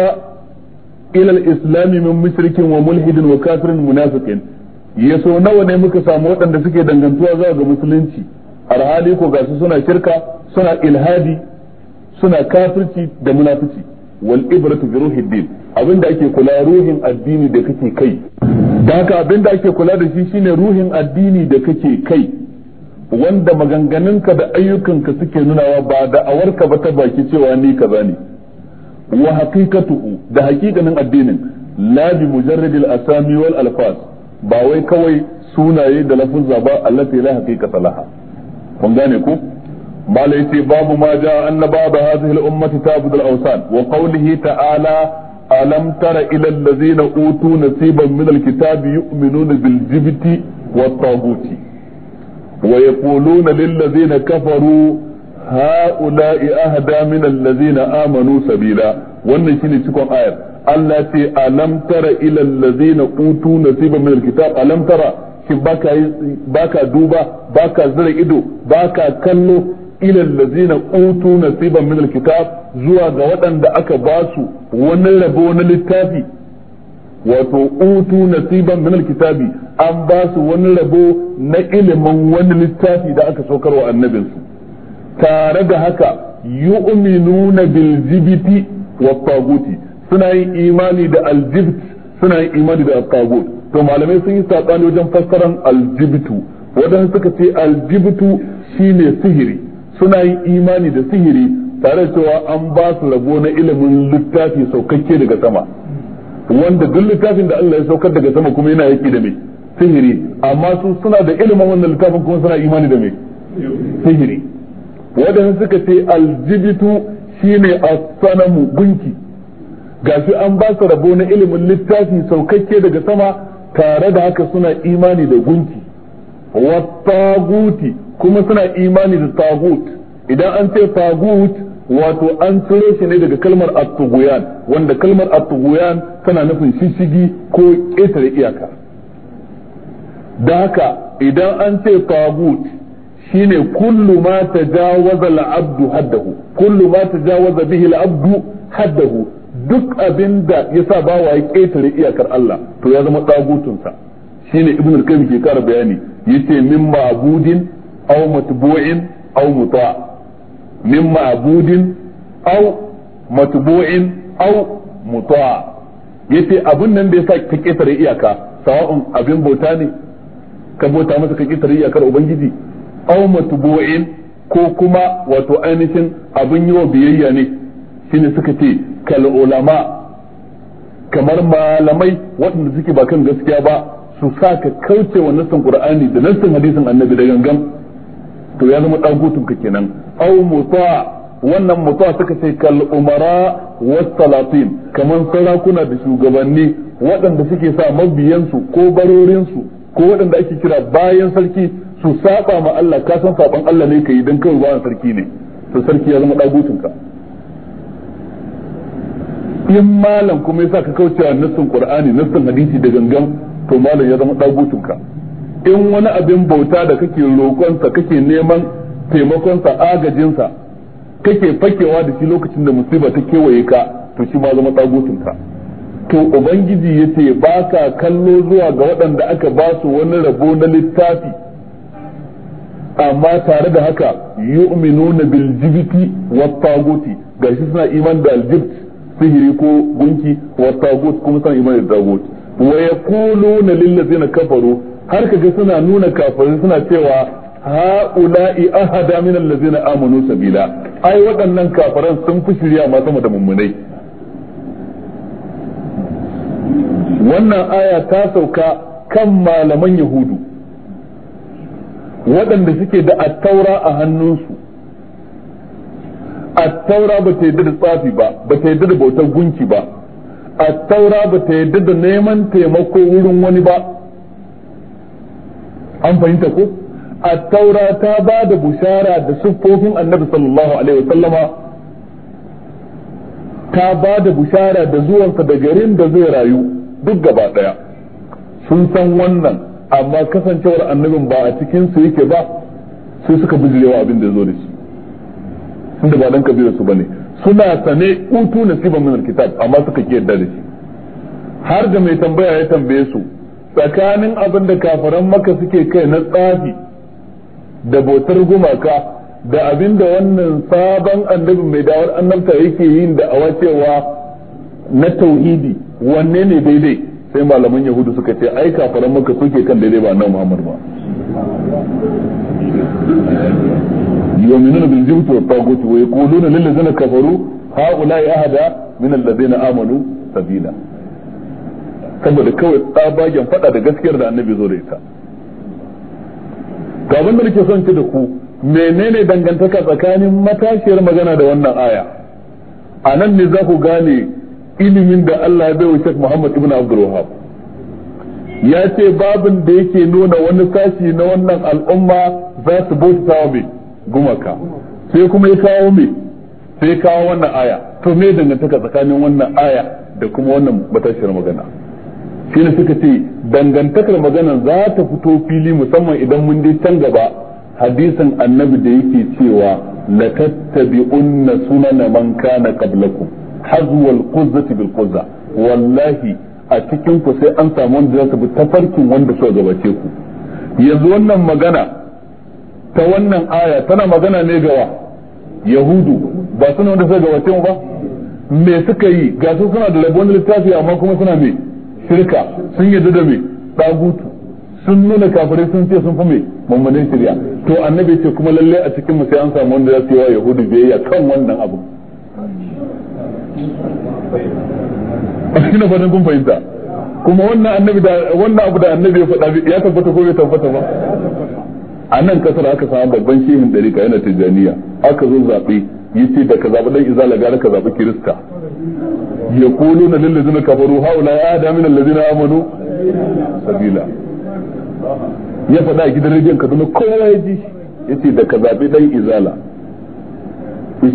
إلى الإسلام من wa وملحد وكافر منافق يسو nawa ne muka samu waɗanda suke dangantuwa zuwa ga musulunci alhali ko gasu suna shirka suna ilhadi suna kafirci da munafici wal ibratu bi ruhi din abinda ake kula ruhin addini da kake kai da haka abinda ake kula da shi shine ruhin addini da kake kai wanda maganganunka da ayyukanka suke nunawa ba da awarka ba ta baki cewa ni kaza ne wa haqiqatuhu da haqiqanin addinin la bi mujarradil asami wal alfaz ba wai kawai sunaye da lafuzza ba allati la haqiqata laha kun gane ku bala yace babu ma ja annaba ba hadhihi al-ummati ta'budu al-awsan wa qawlihi ta'ala alam tara ila allazina utu nasiban min al-kitabi yu'minuna bil jibti wat taguti wa yaquluna lil ladzina kafaru ha'ula'i ahda min allazina amanu sabila wannan shine cikon ayar Allah ce alam tara ila allazina utu nasiban min al-kitab alam tara shin baka yi baka duba baka zira ido baka kallo ila allazina utu nasiban min alkitab zuwa ga waɗanda aka ba su wani rabo na littafi wato utu nasiban min alkitabi an ba su wani rabo na ilimin wani littafi da aka saukarwa annabinsu tare da haka yu'minuna bil jibti wa taguti suna yin imani da aljibt suna yin imani da tagut to malamai sun yi saɓani wajen fassaran aljibitu waɗansu suka ce aljibitu shine sihiri suna yin imani da sihiri tare da cewa an ba su rabo na ilimin littafi saukakke daga sama wanda duk littafin da Allah ya saukar daga sama kuma yana yaki da mai sihiri amma su suna da ilimin wannan littafin kuma suna imani da mai sihiri waɗansu suka ce aljibitu shine asanamu gunki gashi an ba su rabo na ilimin littafi saukakke daga sama tare da haka suna imani da gunki wa taguti kuma suna imani da tagut idan an ce tagut wato an cire shi ne daga kalmar at-tughyan wanda kalmar at-tughyan tana nufin shishigi ko ƙetare iyaka da haka idan an ce tagut shine kullu ma tajawaza al-abdu haddahu kullu ma tajawaza bihi al-abdu haddahu duk abin da ya sa ba wa ya ƙetare iyakar Allah to ya zama ɗagutunsa shine ibn al kaim ke kara bayani ya ce min ma'budin aw matbu'in aw muta min ma'budin aw matbu'in aw muta ce abun nan da sa ka ƙetare iyaka sawa'un abin bauta ne ka bauta masa ka ƙetare iyakar ubangiji aw matbu'in ko kuma wato ainihin abin yi wa biyayya ne shine suka ce kal ulama kamar malamai waɗanda suke ba kan gaskiya ba su sa ka kauce wa nassan qur'ani da nassan hadisin annabi da gangan to ya zama dagutun ka kenan aw muta wannan muta suka ce kal umara was salatin kamar sarakuna da shugabanni waɗanda suke sa mabiyansu ko barorinsu ko waɗanda ake kira bayan sarki su saba ma Allah ka san saban Allah ne kai dan kawai bayan sarki ne to sarki ya zama dagutun ka in malam kuma yasa ka kauce wa nassin qur'ani nassin hadisi da gangan to malam ya zama ka in wani abin bauta da kake roƙonsa kake neman taimakonsa agajinsa kake fakewa da shi lokacin da musiba ta kewaye ka to shi ma zama ka to ubangiji yace ce ba ka kallo zuwa ga waɗanda aka ba su wani rabo na littafi amma tare da haka yu'minuna bil jibti wat taguti gashi suna iman da aljibt sihiri ko gunki wa tagut kuma san imani da tagut wa yaquluna lil ladina kafaru har kaga suna nuna kafirin suna cewa ha'ula'i ahada min allazina amanu sabila ai waɗannan kafiran sun fi shirya ma sama da mummunai wannan aya ta sauka kan malaman yahudu waɗanda suke da attaura a hannunsu at-taura ba ta yadda da tsafi ba ba ta yadda da bautar gunki ba at-taura ba ta yadda da neman taimako wurin wani ba an fahimta ko a taura ta ba da bushara da siffofin annabi sallallahu alaihi wasallama ta ba da bushara da zuwansa da garin da zai rayu duk gaba daya sun san wannan amma kasancewar annabin ba a cikinsu yake ba sai suka bijirewa abin da zo da shi tunda ba dan kabilar su ne suna sane utu siban min alkitab amma suka ke yadda da shi har da mai tambaya ya tambaye su tsakanin abin da kafaran maka suke kai na tsafi da botar gumaka da abin da wannan sabon annabi mai dawar annabta yake yin da a wacewa na tauhidi wanne ne daidai sai malaman yahudu suka ce ai kafaran maka suke kan daidai ba annabi muhammad ba يؤمنون بالجبت والطاغوت ويقولون للذين كفروا هؤلاء أهدى من الذين آمنوا سبيلا saboda kawai tsabagen faɗa da gaskiyar da annabi zo da ita ga abin da nake son ki da ku menene dangantaka tsakanin matashiyar magana da wannan aya a nan ne za ku gane ilimin da Allah ya wa Sheikh Muhammad ibn Abdul Wahhab ya ce babin da yake nuna wani sashi na wannan al'umma za su bauta wa gumaka sai kuma ya kawo me sai kawo wannan aya to me dangantaka tsakanin wannan aya da kuma wannan matashiyar magana shi ne suka ce dangantakar magana za ta fito fili musamman idan mun je can gaba hadisin annabi da yake cewa latattabi'unna sunana man kana qablakum hazwal quzzati bil quzza wallahi a cikin ku sai an samu wanda zai bi tafarkin wanda suka gabace ku yanzu wannan magana ta wannan aya tana magana ne ga yahudu ba suna wanda suka gabace mu ba me suka yi ga su suna da rabon littafi amma kuma suna me shirka sun yi da me dagutu sun nuna kafare sun ce sun fi me mummunin shirya to annabi ce kuma lalle a cikin mu sai an samu wanda za su yi wa yahudu biyayya kan wannan abu ina fatan kun fahimta kuma wannan annabi da wannan abu da annabi ya faɗa ya tabbata ko bai tabbata ba a nan kasar aka samu babban shehin ka yana tijjaniya aka zo zaɓe ce da ka zaɓi ɗan izala gara ka zaɓi kirista ya kulu na zina kafaru haula ya ada lullu na amanu sabila ya faɗa a gidan ka kaduna kowa ya ji ce da ka zaɓi ɗan izala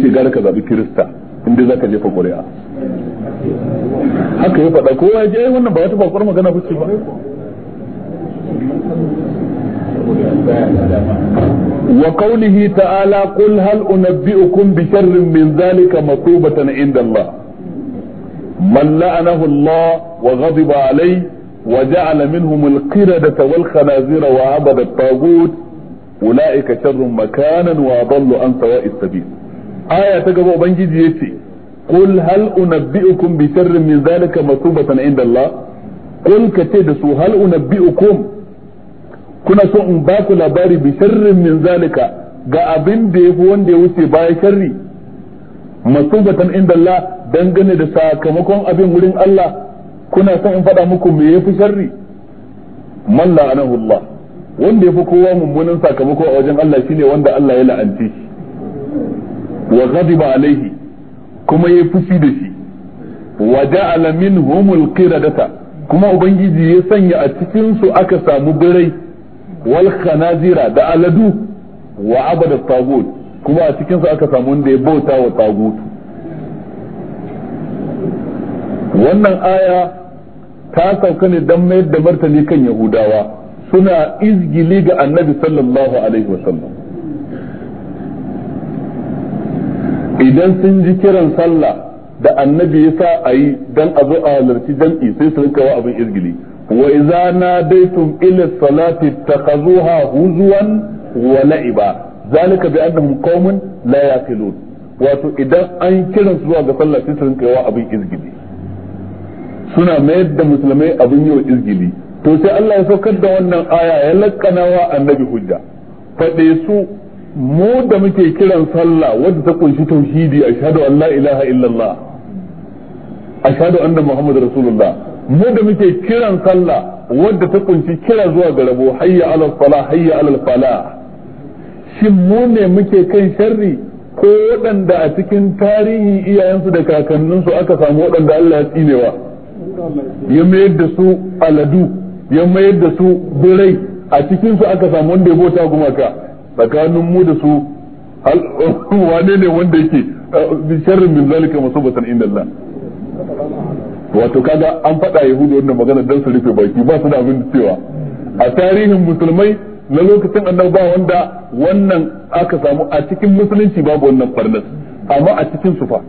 ce gara ka zaɓi kirista inda za ka jefa ƙuri'a haka ya faɗa kowa ya ji ai wannan ba wata bakwar magana ba ce ba وقوله تعالى قل هل أنبئكم بشر من ذلك مطوبة عند الله من لعنه الله وغضب عليه وجعل منهم القردة والخنازير وعبد الطاغوت أولئك شر مكانا وأضل عن سواء السبيل آية تقبع بنجي يتي قل هل أنبئكم بشر من ذلك مطوبة عند الله قل كتدسوا هل أنبئكم kuna so in ba ku labari bi sharrin min zalika ga abin da yafi wanda ya wuce baya sharri masubatan inda Allah dangane da sakamakon abin wurin Allah kuna son in faɗa muku me yafi sharri man la'anahu Allah wanda yafi kowa mummunan sakamako a wajen Allah shine wanda Allah ya la'anci shi wa ghadiba alaihi kuma ya fushi da shi wa ja'ala minhumul qiradata kuma ubangiji ya sanya a cikin su aka samu birai wal khanazira da aladu wa abada tagut kuma a cikin su aka samu wanda ya bauta wa tagut wannan aya ta sauka ne dan mayar da martani kan yahudawa suna izgili ga annabi sallallahu alaihi wasallam idan sun ji kiran sallah da annabi ya sa a yi dan a zo a halarci jam'i sai su rinka wa abin izgili wa idza nadaytum ila salati takhazuha wala'iba wa la'iba zalika bi annahum wato idan an kiran su zuwa ga sallah sai su rinka yawa abin izgili suna mayar da musulmai abin yau izgili to sai Allah ya saukar da wannan aya ya lakkana wa annabi hujja faɗe su mu da muke kiran sallah wadda ta kunshi tauhidi ashhadu an la ilaha illallah ashhadu anna muhammadar rasulullah mu da muke kiran sallah wadda ta kunci kira zuwa ga rabo hayya alal fala hayya alal fala shin mu ne muke kan sharri ko waɗanda a cikin tarihi iyayensu da kakanninsu aka samu waɗanda Allah ya tsinewa ya mayar da su aladu ya mayar da su birai a cikin su aka samu wanda ya bota gumaka tsakanin mu da su wane ne wanda yake uh, sharrin min zalika masubatan inda Allah wato kaga an faɗa yahudu wannan magana dan su rufe baki ba su da abin cewa a tarihin musulmai na lokacin annabi ba wanda wannan aka samu a cikin musulunci babu wannan barnas amma a cikin fa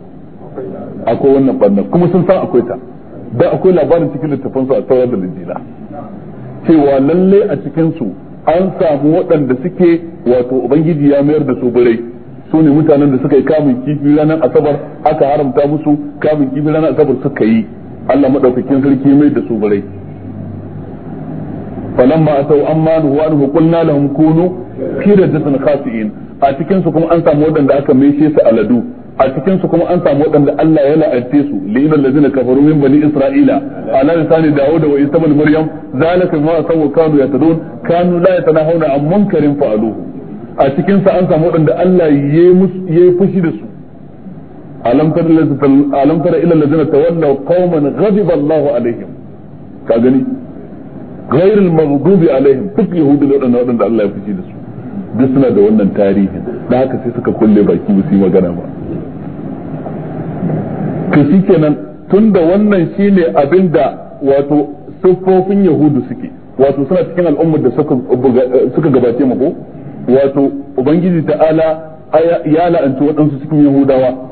akwai wannan barnas kuma sun san akwai ta da akwai labarin cikin littafin su a tsawon da linjila cewa lalle a cikin su an samu waɗanda suke wato ubangiji ya mayar da su birai su ne mutanen da suka yi kamun kifi ranar asabar aka haramta musu kamun kifi ranar asabar suka yi Allah madaukakin sarki mai da su barai falamma asau amma nuhu anhu qulna lahum kunu qiradatan khasiin a cikin su kuma an samu wadanda aka maishe su aladu a cikin su kuma an samu wadanda Allah ya la'alte su lina allazina kafaru min bani isra'ila ala lisani dawuda wa isa ibn maryam zalika ma asaw kanu yatadun kanu la yatanahuna an munkarin fa'aluhu a cikin sa an samu wadanda Allah ya yi fushi da su alam tara alam tara ila alladhina tawallaw qauman ghadiba Allahu alaihim ka gani ghairul maghdubi alaihim duk yahudi da wadanda wadanda Allah ya fushi da su duk suna da wannan tarihin da haka sai suka kulle baki ba su yi magana ba to shikenan tunda wannan shine abinda wato siffofin yahudu suke wato suna cikin al'ummar da suka gabace mako ko wato ubangiji ta'ala ya la'anci waɗansu cikin yahudawa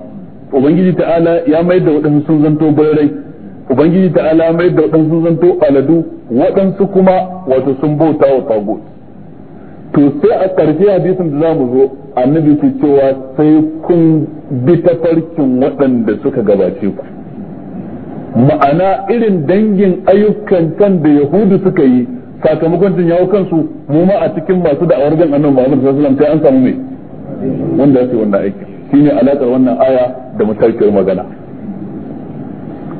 ubangiji ta'ala ya mayar da waɗansu sun zanto barai ubangiji ta'ala mayar da waɗansu sun zanto aladu waɗansu kuma wato sun bauta wa tagut to sai a ƙarshe hadisin da za mu zo annabi ke cewa sai kun bi ta farkin waɗanda suka gabace ku ma'ana irin dangin ayyukan can da yahudu suka yi sakamakon tun yawo kansu mu ma a cikin masu da'awar gan annabi Muhammad sallallahu alaihi wasallam sai an samu me wanda ya wannan aiki shine alaƙar wannan aya da matakiyar magana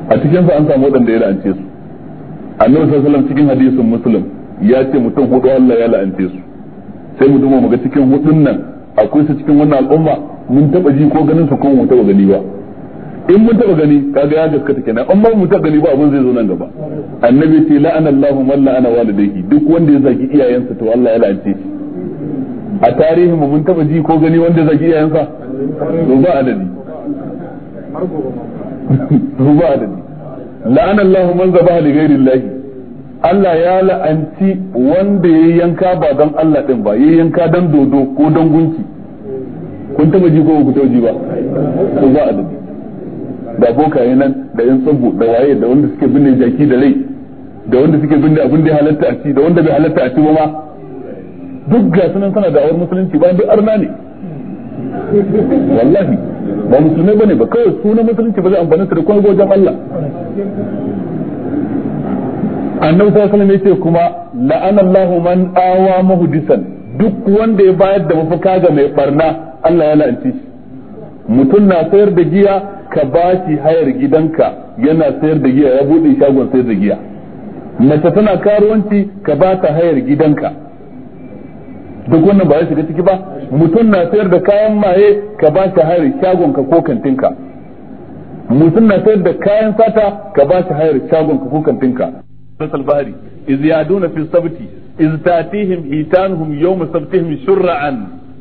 a cikin sa an samu waɗanda ya la'ance su annabi sallallahu cikin hadisin muslim ya ce mutum hudu Allah ya la'ance su sai mu duba mu ga cikin hudun nan akwai su cikin wannan al'umma mun taba ji ko ganin su ko mu taba gani ba in mun taba gani kaga ya gaskata kenan amma mun taba gani ba abun zai zo nan gaba annabi ce la'ana Allahu man la'ana walidayhi duk wanda ya zagi iyayensa to Allah ya la'ance shi a tarihin mu mun taba ji ko gani wanda ya zagi iyayensa to ba adadi la'ana Allah man zabaha li ghairi Allah ya la'anci wanda ya yanka ba don Allah ɗin ba ya yanka don dodo ko don gunki kun taɓa ji ko ku tauji ba rubu adadi da yi nan da yin tsago da waye da wanda suke binne jaki da rai da wanda suke binne abin da ya halatta a ci da wanda bai halatta a ci ba ma duk ga sunan sana da'awar musulunci ba, duk arna ne wallahi ba musulmai bane ba kawai sunan musulunci ba zai amfani su da kuma wajen Allah annabi sallallahu ya yace kuma la'anallahu man awa muhdisan duk wanda ya bayar da mafaka ga mai barna Allah ya la'anci shi mutum na sayar da giya ka bashi hayar gidanka yana sayar da giya ya buɗe shagon sayar da giya mace tana karuwanci ka ba ta hayar gidanka duk wannan ba ya shiga ciki ba mutum na sayar da kayan maye ka ba shi hayar shagonka ko kantinka mutum na sayar da kayan sata ka ba shi hayar shagonka ko kantinka sal bari iz yaduna fi sabti iz tatihim itanhum yawm sabtihim shur'an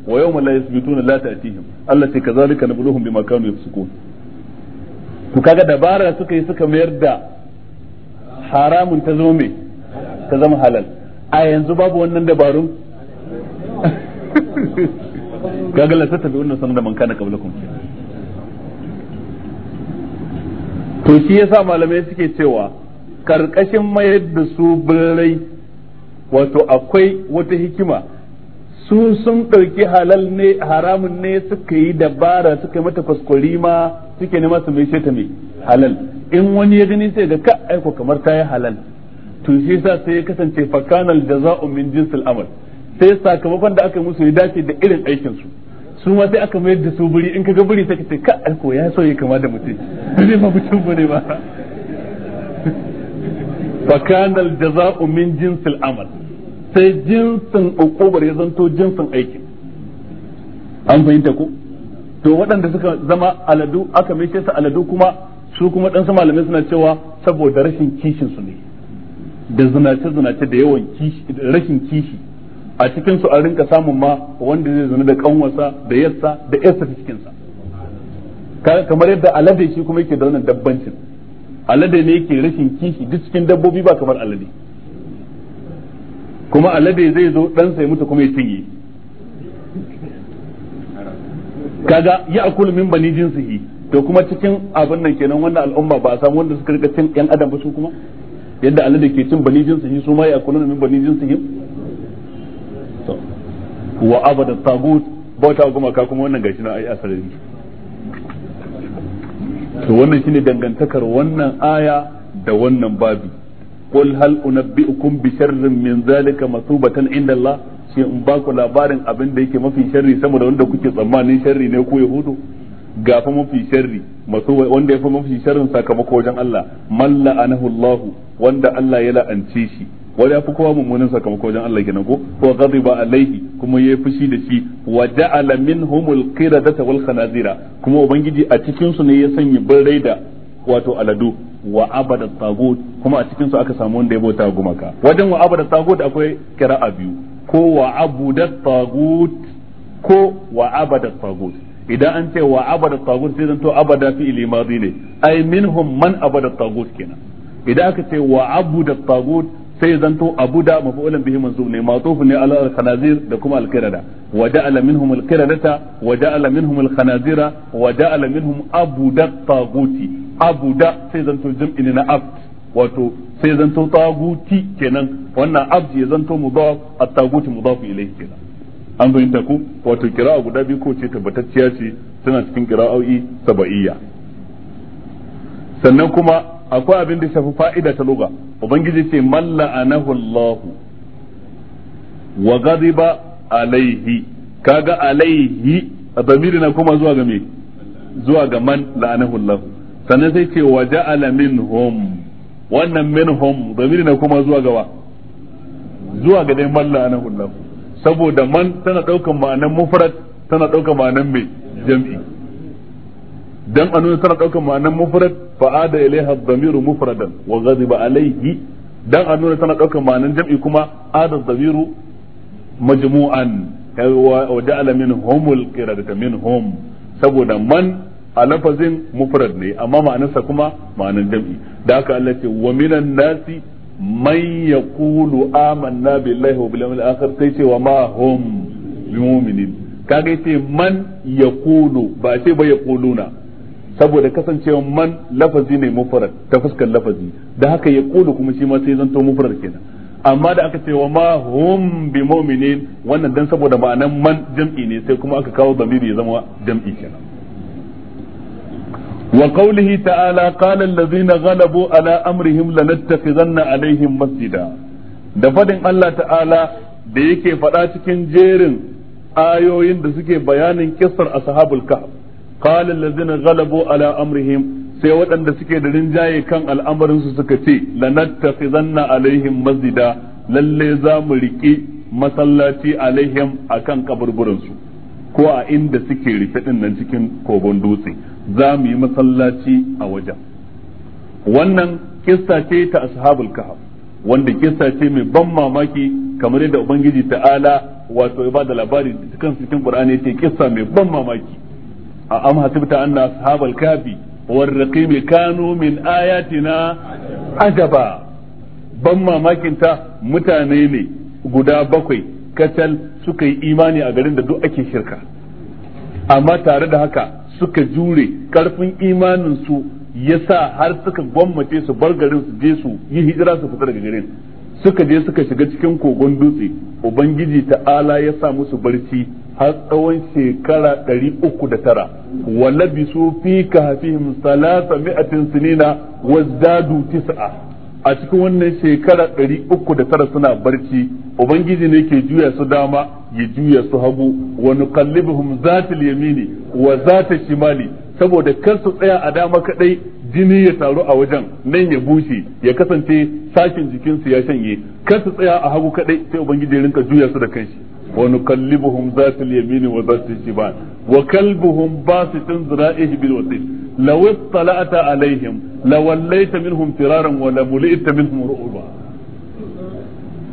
wa yawm la yasbituna la tatihim Allah sai kazalika nabluhum bima kanu yafsukun to kaga dabara suka yi suka mayar da haramun ta zo me ta zama halal a yanzu babu wannan dabarun kaga la tattabi wannan sanar da man kana qablakum to shi yasa malamai suke cewa karkashin mayar da su birrai wato akwai wata hikima su sun ɗauki halal ne haramun ne suka yi dabara suka yi mata kwaskwari ma suke nema su mai ta mai halal in wani ya gani sai ga ka aiko kamar ta yi halal to shi sa sai ya kasance fakanal jaza'u min jinsul amal sai sakamakon da aka musu ya dace da irin aikin su su ma sai aka mayar da su buri in kaga buri take ce ka alko ya so ya kama da mutum zai ba mutum bane ba fa kana aljaza'u min jinsil amal sai jinsin ukubar ya zanto jinsin aikin an fahimta ko to waɗanda suka zama aladu aka mai su aladu kuma su kuma dan su malamai suna cewa saboda rashin kishin su ne da zinace zinace da yawan kishi rashin kishi a cikin su a rinka samun ma wanda zai zuna da kanwarsa da yassa da yassa ta cikin sa kamar yadda alade shi kuma yake da wannan dabbancin alade ne yake rashin kishi duk cikin dabbobi ba kamar alade kuma alade zai zo dan sai mutu kuma ya cinye kaga ya akul min bani jinsihi to kuma cikin abin nan kenan wannan al'umma ba a samu wanda suka rika cin yan adam ba su kuma yadda alade ke cin bani jinsihi su ma ya akulun min bani jinsihi wa abada tagut bauta ka kuma wannan gashi na ai asalin to wannan shine dangantakar wannan aya da wannan babi qul hal unabbiukum bi sharrin min zalika masubatan inda Allah shi in ba ku labarin abin da yake mafi sharri sama da wanda kuke tsammanin sharri ne ko yahudu gafa mafi sharri masu wanda ya mafi sharrin sakamako wajen Allah man la'anahu Allah wanda Allah ya la'ance shi wani ya fi kowa mummunan sakamako wajen Allah ko alaihi kuma yayi fushi da shi wa ja'ala minhumul qiradata wal khanazira kuma ubangiji a cikin su ne ya sanya birrai da wato aladu wa abada tagut kuma a cikin su aka samu wanda ya bauta gumaka wajen wa abada tagut akwai kira'a biyu ko wa abuda tagut ko wa abada tagut idan an ce wa abada tagut sai zanto abada fi ilimadi ne ai minhum man abada tagut kenan idan aka ce wa abuda tagut sai zanto abu da mafulan bihi mansub ne matufu ne ala al-khanazir da kuma al-qirada wa ja'ala minhum al-qiradata wa ja'ala minhum al-khanazira wa ja'ala minhum abu da taguti abu da sai zanto jam'i ne na abd wato sai zanto taguti kenan wannan abd ya zanto mudaf at-taguti mudaf ilayhi kenan an fahimta ku wato kira'a guda biyu ko ce tabbatacciya ce tana cikin kira'o'i saba'iyya sannan kuma akwai abin da shafi fa'ida ta lugha ubangiji ce malla anahu Allah wa ghadiba alaihi kaga alaihi dhamiri na kuma zuwa ga me zuwa ga man la'anahu Allah sannan sai ce wa ja'ala minhum wannan minhum dhamiri na kuma zuwa ga wa zuwa ga dai man la'anahu saboda man tana daukan ma'anan mufrad tana daukan ma'anan mai jam'i dan a nuna tana daukan ma'anan mufrad fa ada ilaiha dhamiru mufradan wa ghadiba alaihi dan a nuna tana daukan ma'anan jam'i kuma ada dhamiru majmu'an wa ja'ala minhumul min minhum saboda man a lafazin mufrad ne amma ma'anarsa kuma ma'anan jam'i da haka Allah ce wa minan nasi man yaqulu amanna billahi wa bil yawmil akhir sai ce wa ma hum bimu'minin kaga yace man yaqulu ba sai ba yaquluna saboda kasancewa man lafazi ne mufrad ta fuskar lafazi da haka ya kulu kuma shi ma sai zanto mufrad kenan amma da aka ce wa ma hum bi mu'minin wannan dan saboda ma'anan man jam'i ne sai kuma aka kawo zamiri ya zama jam'i kenan wa qawlihi ta'ala qala allazina ghalabu ala amrihim lanattakhizanna alaihim masjida da fadin Allah ta'ala da yake faɗa cikin jerin ayoyin da suke bayanin kissar ashabul kahf qala allazina ghalabu ala amrihim sai waɗanda suke da rinjaye kan al'amarin suka ce zanna alaihim masjida lalle za mu riƙe masallaci alaihim akan kan su ko a inda suke rufe din nan cikin kogon dutse za mu yi masallaci a wajen wannan kissa ce ta ashabul kahf wanda kissa ce mai ban mamaki kamar yadda ubangiji ta'ala wato ya da labari cikin cikin qur'ani ce kissa mai ban mamaki am hasibta anna ashabal kafi war raqimi kanu min ayatina ajaba ban mamakin ta mutane ne guda bakwai kacal suka yi imani a garin da duk ake shirka amma tare da haka suka jure karfin imanin su yasa har suka gwammace su bar garin su je su yi hijira su fita daga garin suka je suka shiga cikin kogon dutse ubangiji ta'ala ya sa musu barci har tsawon shekara ɗari uku da tara wa labisu fi kahfihim salasa mi'atin sinina wazdadu tis'a a cikin wannan shekara ɗari uku da tara suna barci ubangiji ne ke juya su dama ya juya su hagu wa nuqallibuhum zatil yamini wa zata shimali saboda kan su tsaya a dama kaɗai jini ya taru a wajen nan ya bushe ya kasance sashin jikinsu ya shanye kan su tsaya a hagu kaɗai sai ubangiji ya rinka juya su da kanshi ونقلبهم ذات اليمين وذات الشمال وكلبهم باسط ذرائه بالوسيط لو اطلعت عليهم لوليت منهم فرارا ولملئت منهم رعبا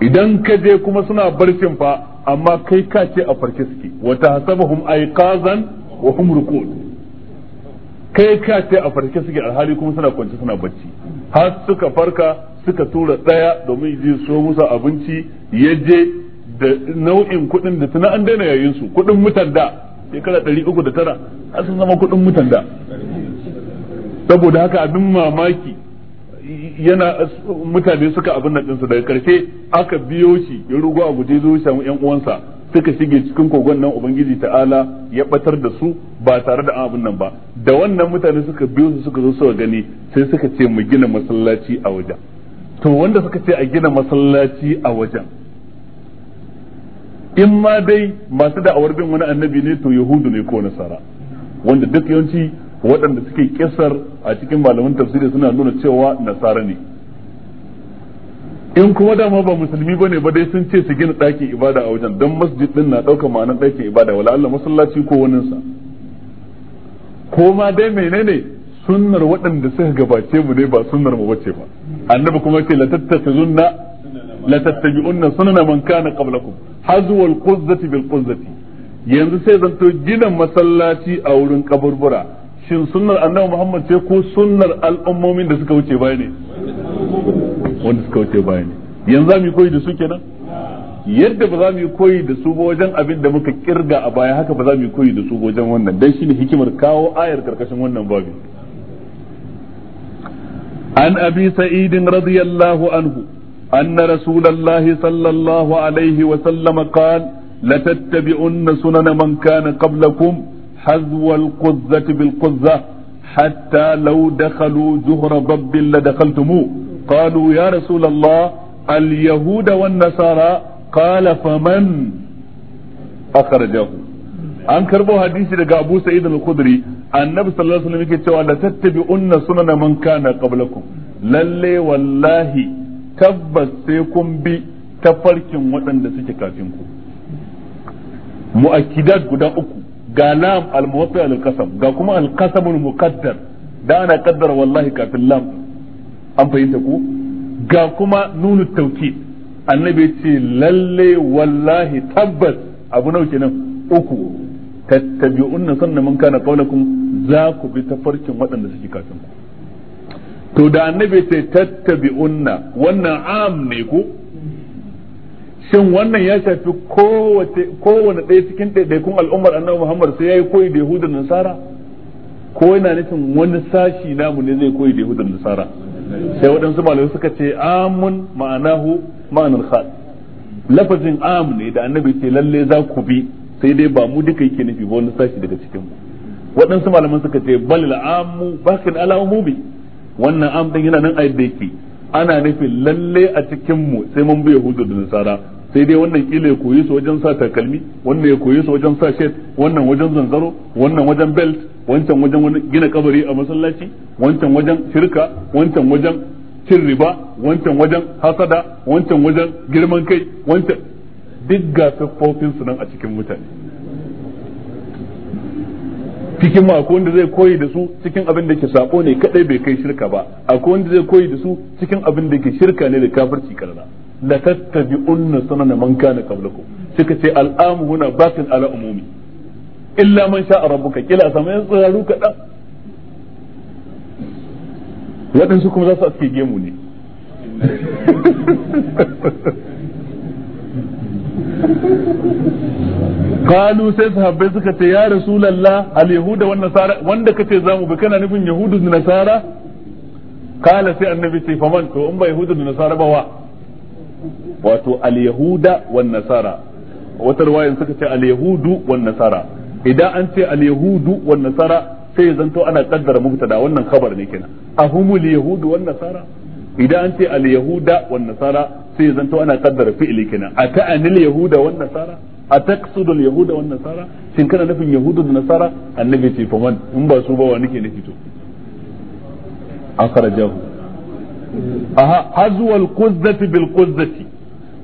idan ka je kuma suna barcin fa amma kai ka ce a farke suke wa tahsabuhum ayqazan wa hum rukud kai ka ce a farke suke alhali kuma suna kwance suna barci har suka farka suka tura daya domin je so musu abinci ya je da nau'in kuɗin da tuna an daina yayin su kuɗin mutan da shekara ɗari uku da tara sun zama kuɗin mutan da saboda haka abin mamaki yana mutane suka abin da ɗinsu daga karshe aka biyo shi ya rugo a guje zo samu yan uwansa suka shige cikin kogon nan ubangiji ta'ala ya batar da su ba tare da abin nan ba da wannan mutane suka biyo su suka zo suka gani sai suka ce mu gina masallaci a wajen to wanda suka ce a gina masallaci a wajen in ma dai masu da'awar bin wani annabi ne to yahudu ne ko nasara wanda duk yawanci waɗanda suke kisar a cikin malaman tafsiri suna nuna cewa nasara ne in kuma dama ba musulmi ba ne ba dai sun ce su gina ɗakin ibada a wajen don masjid ɗin na ɗaukar ma'ana ɗakin ibada wala Allah masallaci ko waninsa ko ma dai menene sunnar waɗanda suka gabace mu ne ba sunnar mu bace ba annabi kuma ce la tattakhizunna la tattabi'unna sunana man kana qablakum Hazuwar. quzzati bil quzzati yanzu sai zanto gina masallaci a wurin kaburbura shin sunnar annabi Muhammad ce ko sunnar al'ummomin da suka wuce baya ne wanda suka wuce baya ne yanzu mu koyi da su kenan yadda ba za mu koyi da su wajen abin da muka kirga a baya haka ba za mu koyi da su wajen wannan dan shine hikimar kawo ayar karkashin wannan babin an abi sa'idin radiyallahu anhu أن رسول الله صلى الله عليه وسلم قال لتتبعن سنن من كان قبلكم حذو القزة بالقزة حتى لو دخلوا جهر ضب لدخلتموه قالوا يا رسول الله اليهود والنصارى قال فمن أخرجه an karbo hadisi daga Abu Sa'id al-Khudri annabi sallallahu alaihi wasallam yake cewa la tattabi'unna sunana man kana qablakum lalle wallahi tabbas sai kun bi ta farkin waɗanda suke kafin ku mu'akkidat guda uku ga lam al-muwatta al-qasam ga kuma al-qasam al-muqaddar da ana kaddara wallahi kafin lam an fahimta ku ga kuma nunu tawkid annabi ce lalle wallahi tabbas abu nau kenan uku tattabi'unna sannan man kana qaulakum za ku bi ta farkin waɗanda suke kafin ku to da annabi ce tattabi'unna wannan am ne ko shin wannan ya shafi kowace kowane ɗaya cikin ɗaiɗaikun al'ummar annabi Muhammad sai yayi koyi da yahudun Nasara ko yana nufin wani sashi namu ne zai koyi da yahudun Nasara sai waɗansu malamai suka ce amun ma'anahu ma'anul khat lafazin am ne da annabi ce lalle za ku bi sai dai ba mu duka yake nufi ba wani sashi daga cikin mu waɗansu malamai suka ce balil amu bakin ala umumi wannan am din yana nan a yadda yake ana nufin lalle a cikin mu sai mun bi yahudu da nasara sai dai wannan kila ya koyi su wajen sa takalmi wannan ya koyi su wajen sa shed wannan wajen zanzaro wannan wajen belt wancan wajen gina kabari a masallaci wancan wajen shirka wancan wajen cin riba wancan wajen hasada wancan wajen girman kai wancan duk ga nan a cikin mutane cikin mu akwai wanda zai koyi da su cikin abin da ke sako ne kadai bai kai shirka ba akwai wanda zai koyi da su cikin abin da ke shirka ne da kafirci karna la tattabi'unna sanana man kana qablakum suka ce al'amu huna batin ala umumi illa man sha'a rabbuka kila sama ya tsararu kadan waɗansu kuma za su aske gemu ne Kalu sai sahabbai suka ce ya rasulallah al yahuda wan nasara wanda kace zamu bi kana nufin yahudu da nasara kala sai annabi ce faman to in ba yahudu da nasara ba wa wato al yahuda wan nasara wata riwayan suka ce al yahudu wan nasara idan an ce al yahudu wan nasara sai zanto ana kaddara mubtada wannan khabar ne kenan ahumul yahudu wan nasara idan an ce al yahuda wan nasara sai zanto ana kaddara fi'ili kenan ata anil yahuda wan nasara a al yahuda wan nasara shin kana nufin yahudu da nasara annabi ce faman in ba su ba wa nake nufi to akhrajahu aha hazwal quzzati bil quzzati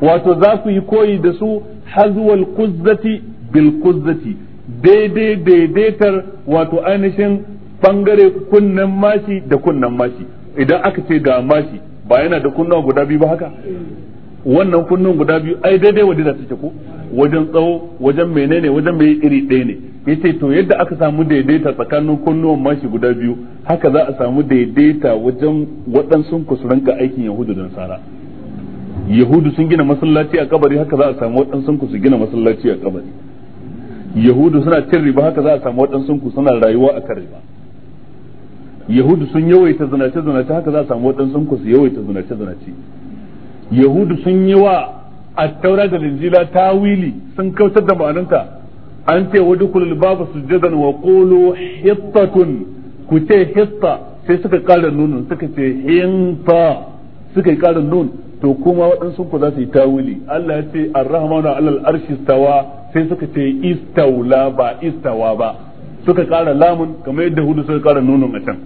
wato za ku yi koyi da su hazwal quzzati bil quzzati daidai daidaitar wato ainihin bangare kunnen mashi da kunnen mashi idan aka ce ga mashi ba yana da kunnuwa guda biyu ba haka wannan kunnuwan guda biyu ai daidai da suke ko wajen tsawo wajen menene wajen mai iri ɗaya ne yace to yadda aka samu daidaita tsakanin kunnuwan mashi guda biyu haka za a samu daidaita wajen waɗansu kusurin ka aikin yahudu da nasara yahudu sun gina masallaci a kabari haka za a samu waɗansu su gina masallaci a kabari yahudu suna cin riba haka za a samu waɗansu suna rayuwa a kan riba yahudu sun yawaita zinace zinace haka za a samu waɗansu ku su yawaita zinace zinace yahudu sun yi wa taura da linjila wili sun kautar da ma'ananta an ce wa dukul babu jadan wa kolo hittatun ku ce hitta sai suka ƙara nunun suka ce hinta suka yi nun to kuma waɗansu ku za su yi ta wili. Allah ya ce arrahmanu alal arshi stawa sai suka ce istaula ba istawa ba suka kara lamun kamar yadda hudu suka kara nunun a can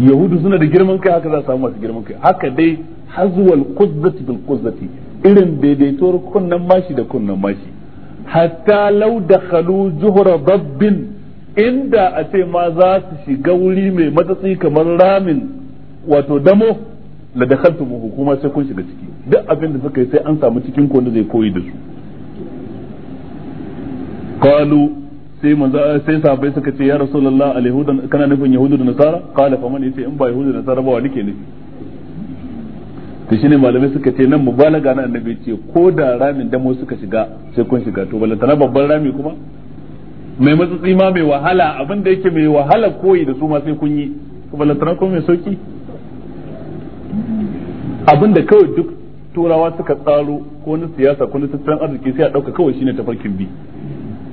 yahudu suna da girman kai haka za su samu masu girman kai haka dai hazwal kuzzati bil kuzzati irin daidaito kunnan mashi da kunnan mashi hatta law dakhalu zuhra dabbin inda a ce ma za su shiga wuri mai matsayi kamar ramin wato damo la dakhaltu mu hukuma sai kun shiga ciki duk abin da suka yi sai an samu cikin ko wanda zai koyi da su qalu sai manzo sai sahabbai suka ce ya rasulullah al kana nufin yahudu da nasara qala fa man yace in ba yahudu da nasara ba wani ke ne to shine malamai suka ce nan mubalaga na annabi ce ko da ramin damo suka shiga sai kun shiga to balanta tana babban rami kuma mai matsatsi ma mai wahala abin da yake mai wahala koyi da su ma sai kun yi balanta tana ko mai sauki abin da kawai duk turawa suka tsaro ko na siyasa ko na tattalin arziki sai a dauka kawai shine tafarkin bi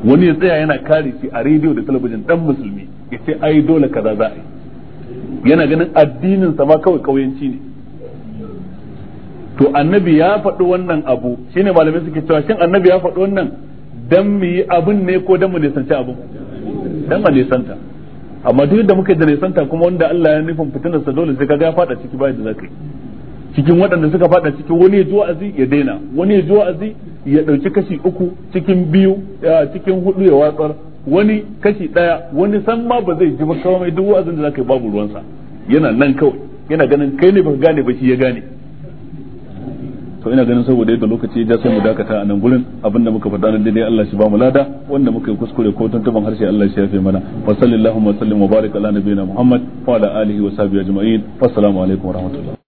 wani ya tsaya yana kare shi a rediyo da talabijin dan musulmi ya ce ai dole kaza za a yi yana ganin addinin sa ma kawai kauyanci ne to annabi ya faɗi wannan abu shine malamai suke cewa shin annabi ya faɗi wannan dan mu yi abin ne ko dan mu nisanci abin dan mu nisanta amma duk da muka da nisanta kuma wanda Allah ya nufin fitinar sa dole sai kaga ya faɗa ciki bai da zakai cikin waɗanda suka faɗa ciki wani ya ji wa'azi ya daina wani ya ji wa'azi ya ɗauki kashi uku cikin biyu cikin hudu ya watsar wani kashi ɗaya wani san ma ba zai ji ba kawai mai duk wa'azin da zaka yi babu ruwansa yana nan kawai yana ganin kai ne baka gane ba shi ya gane to ina ganin saboda yadda lokaci ya ja sai mu dakata a nan gurin abinda muka faɗa nan dai Allah shi ba mu lada wanda muka yi kuskure ko tuntuban harshe Allah shi ya fi mana wa sallallahu wa sallim wa barik ala nabiyina Muhammad wa ala alihi wa sahbihi ajma'in assalamu alaikum wa rahmatullahi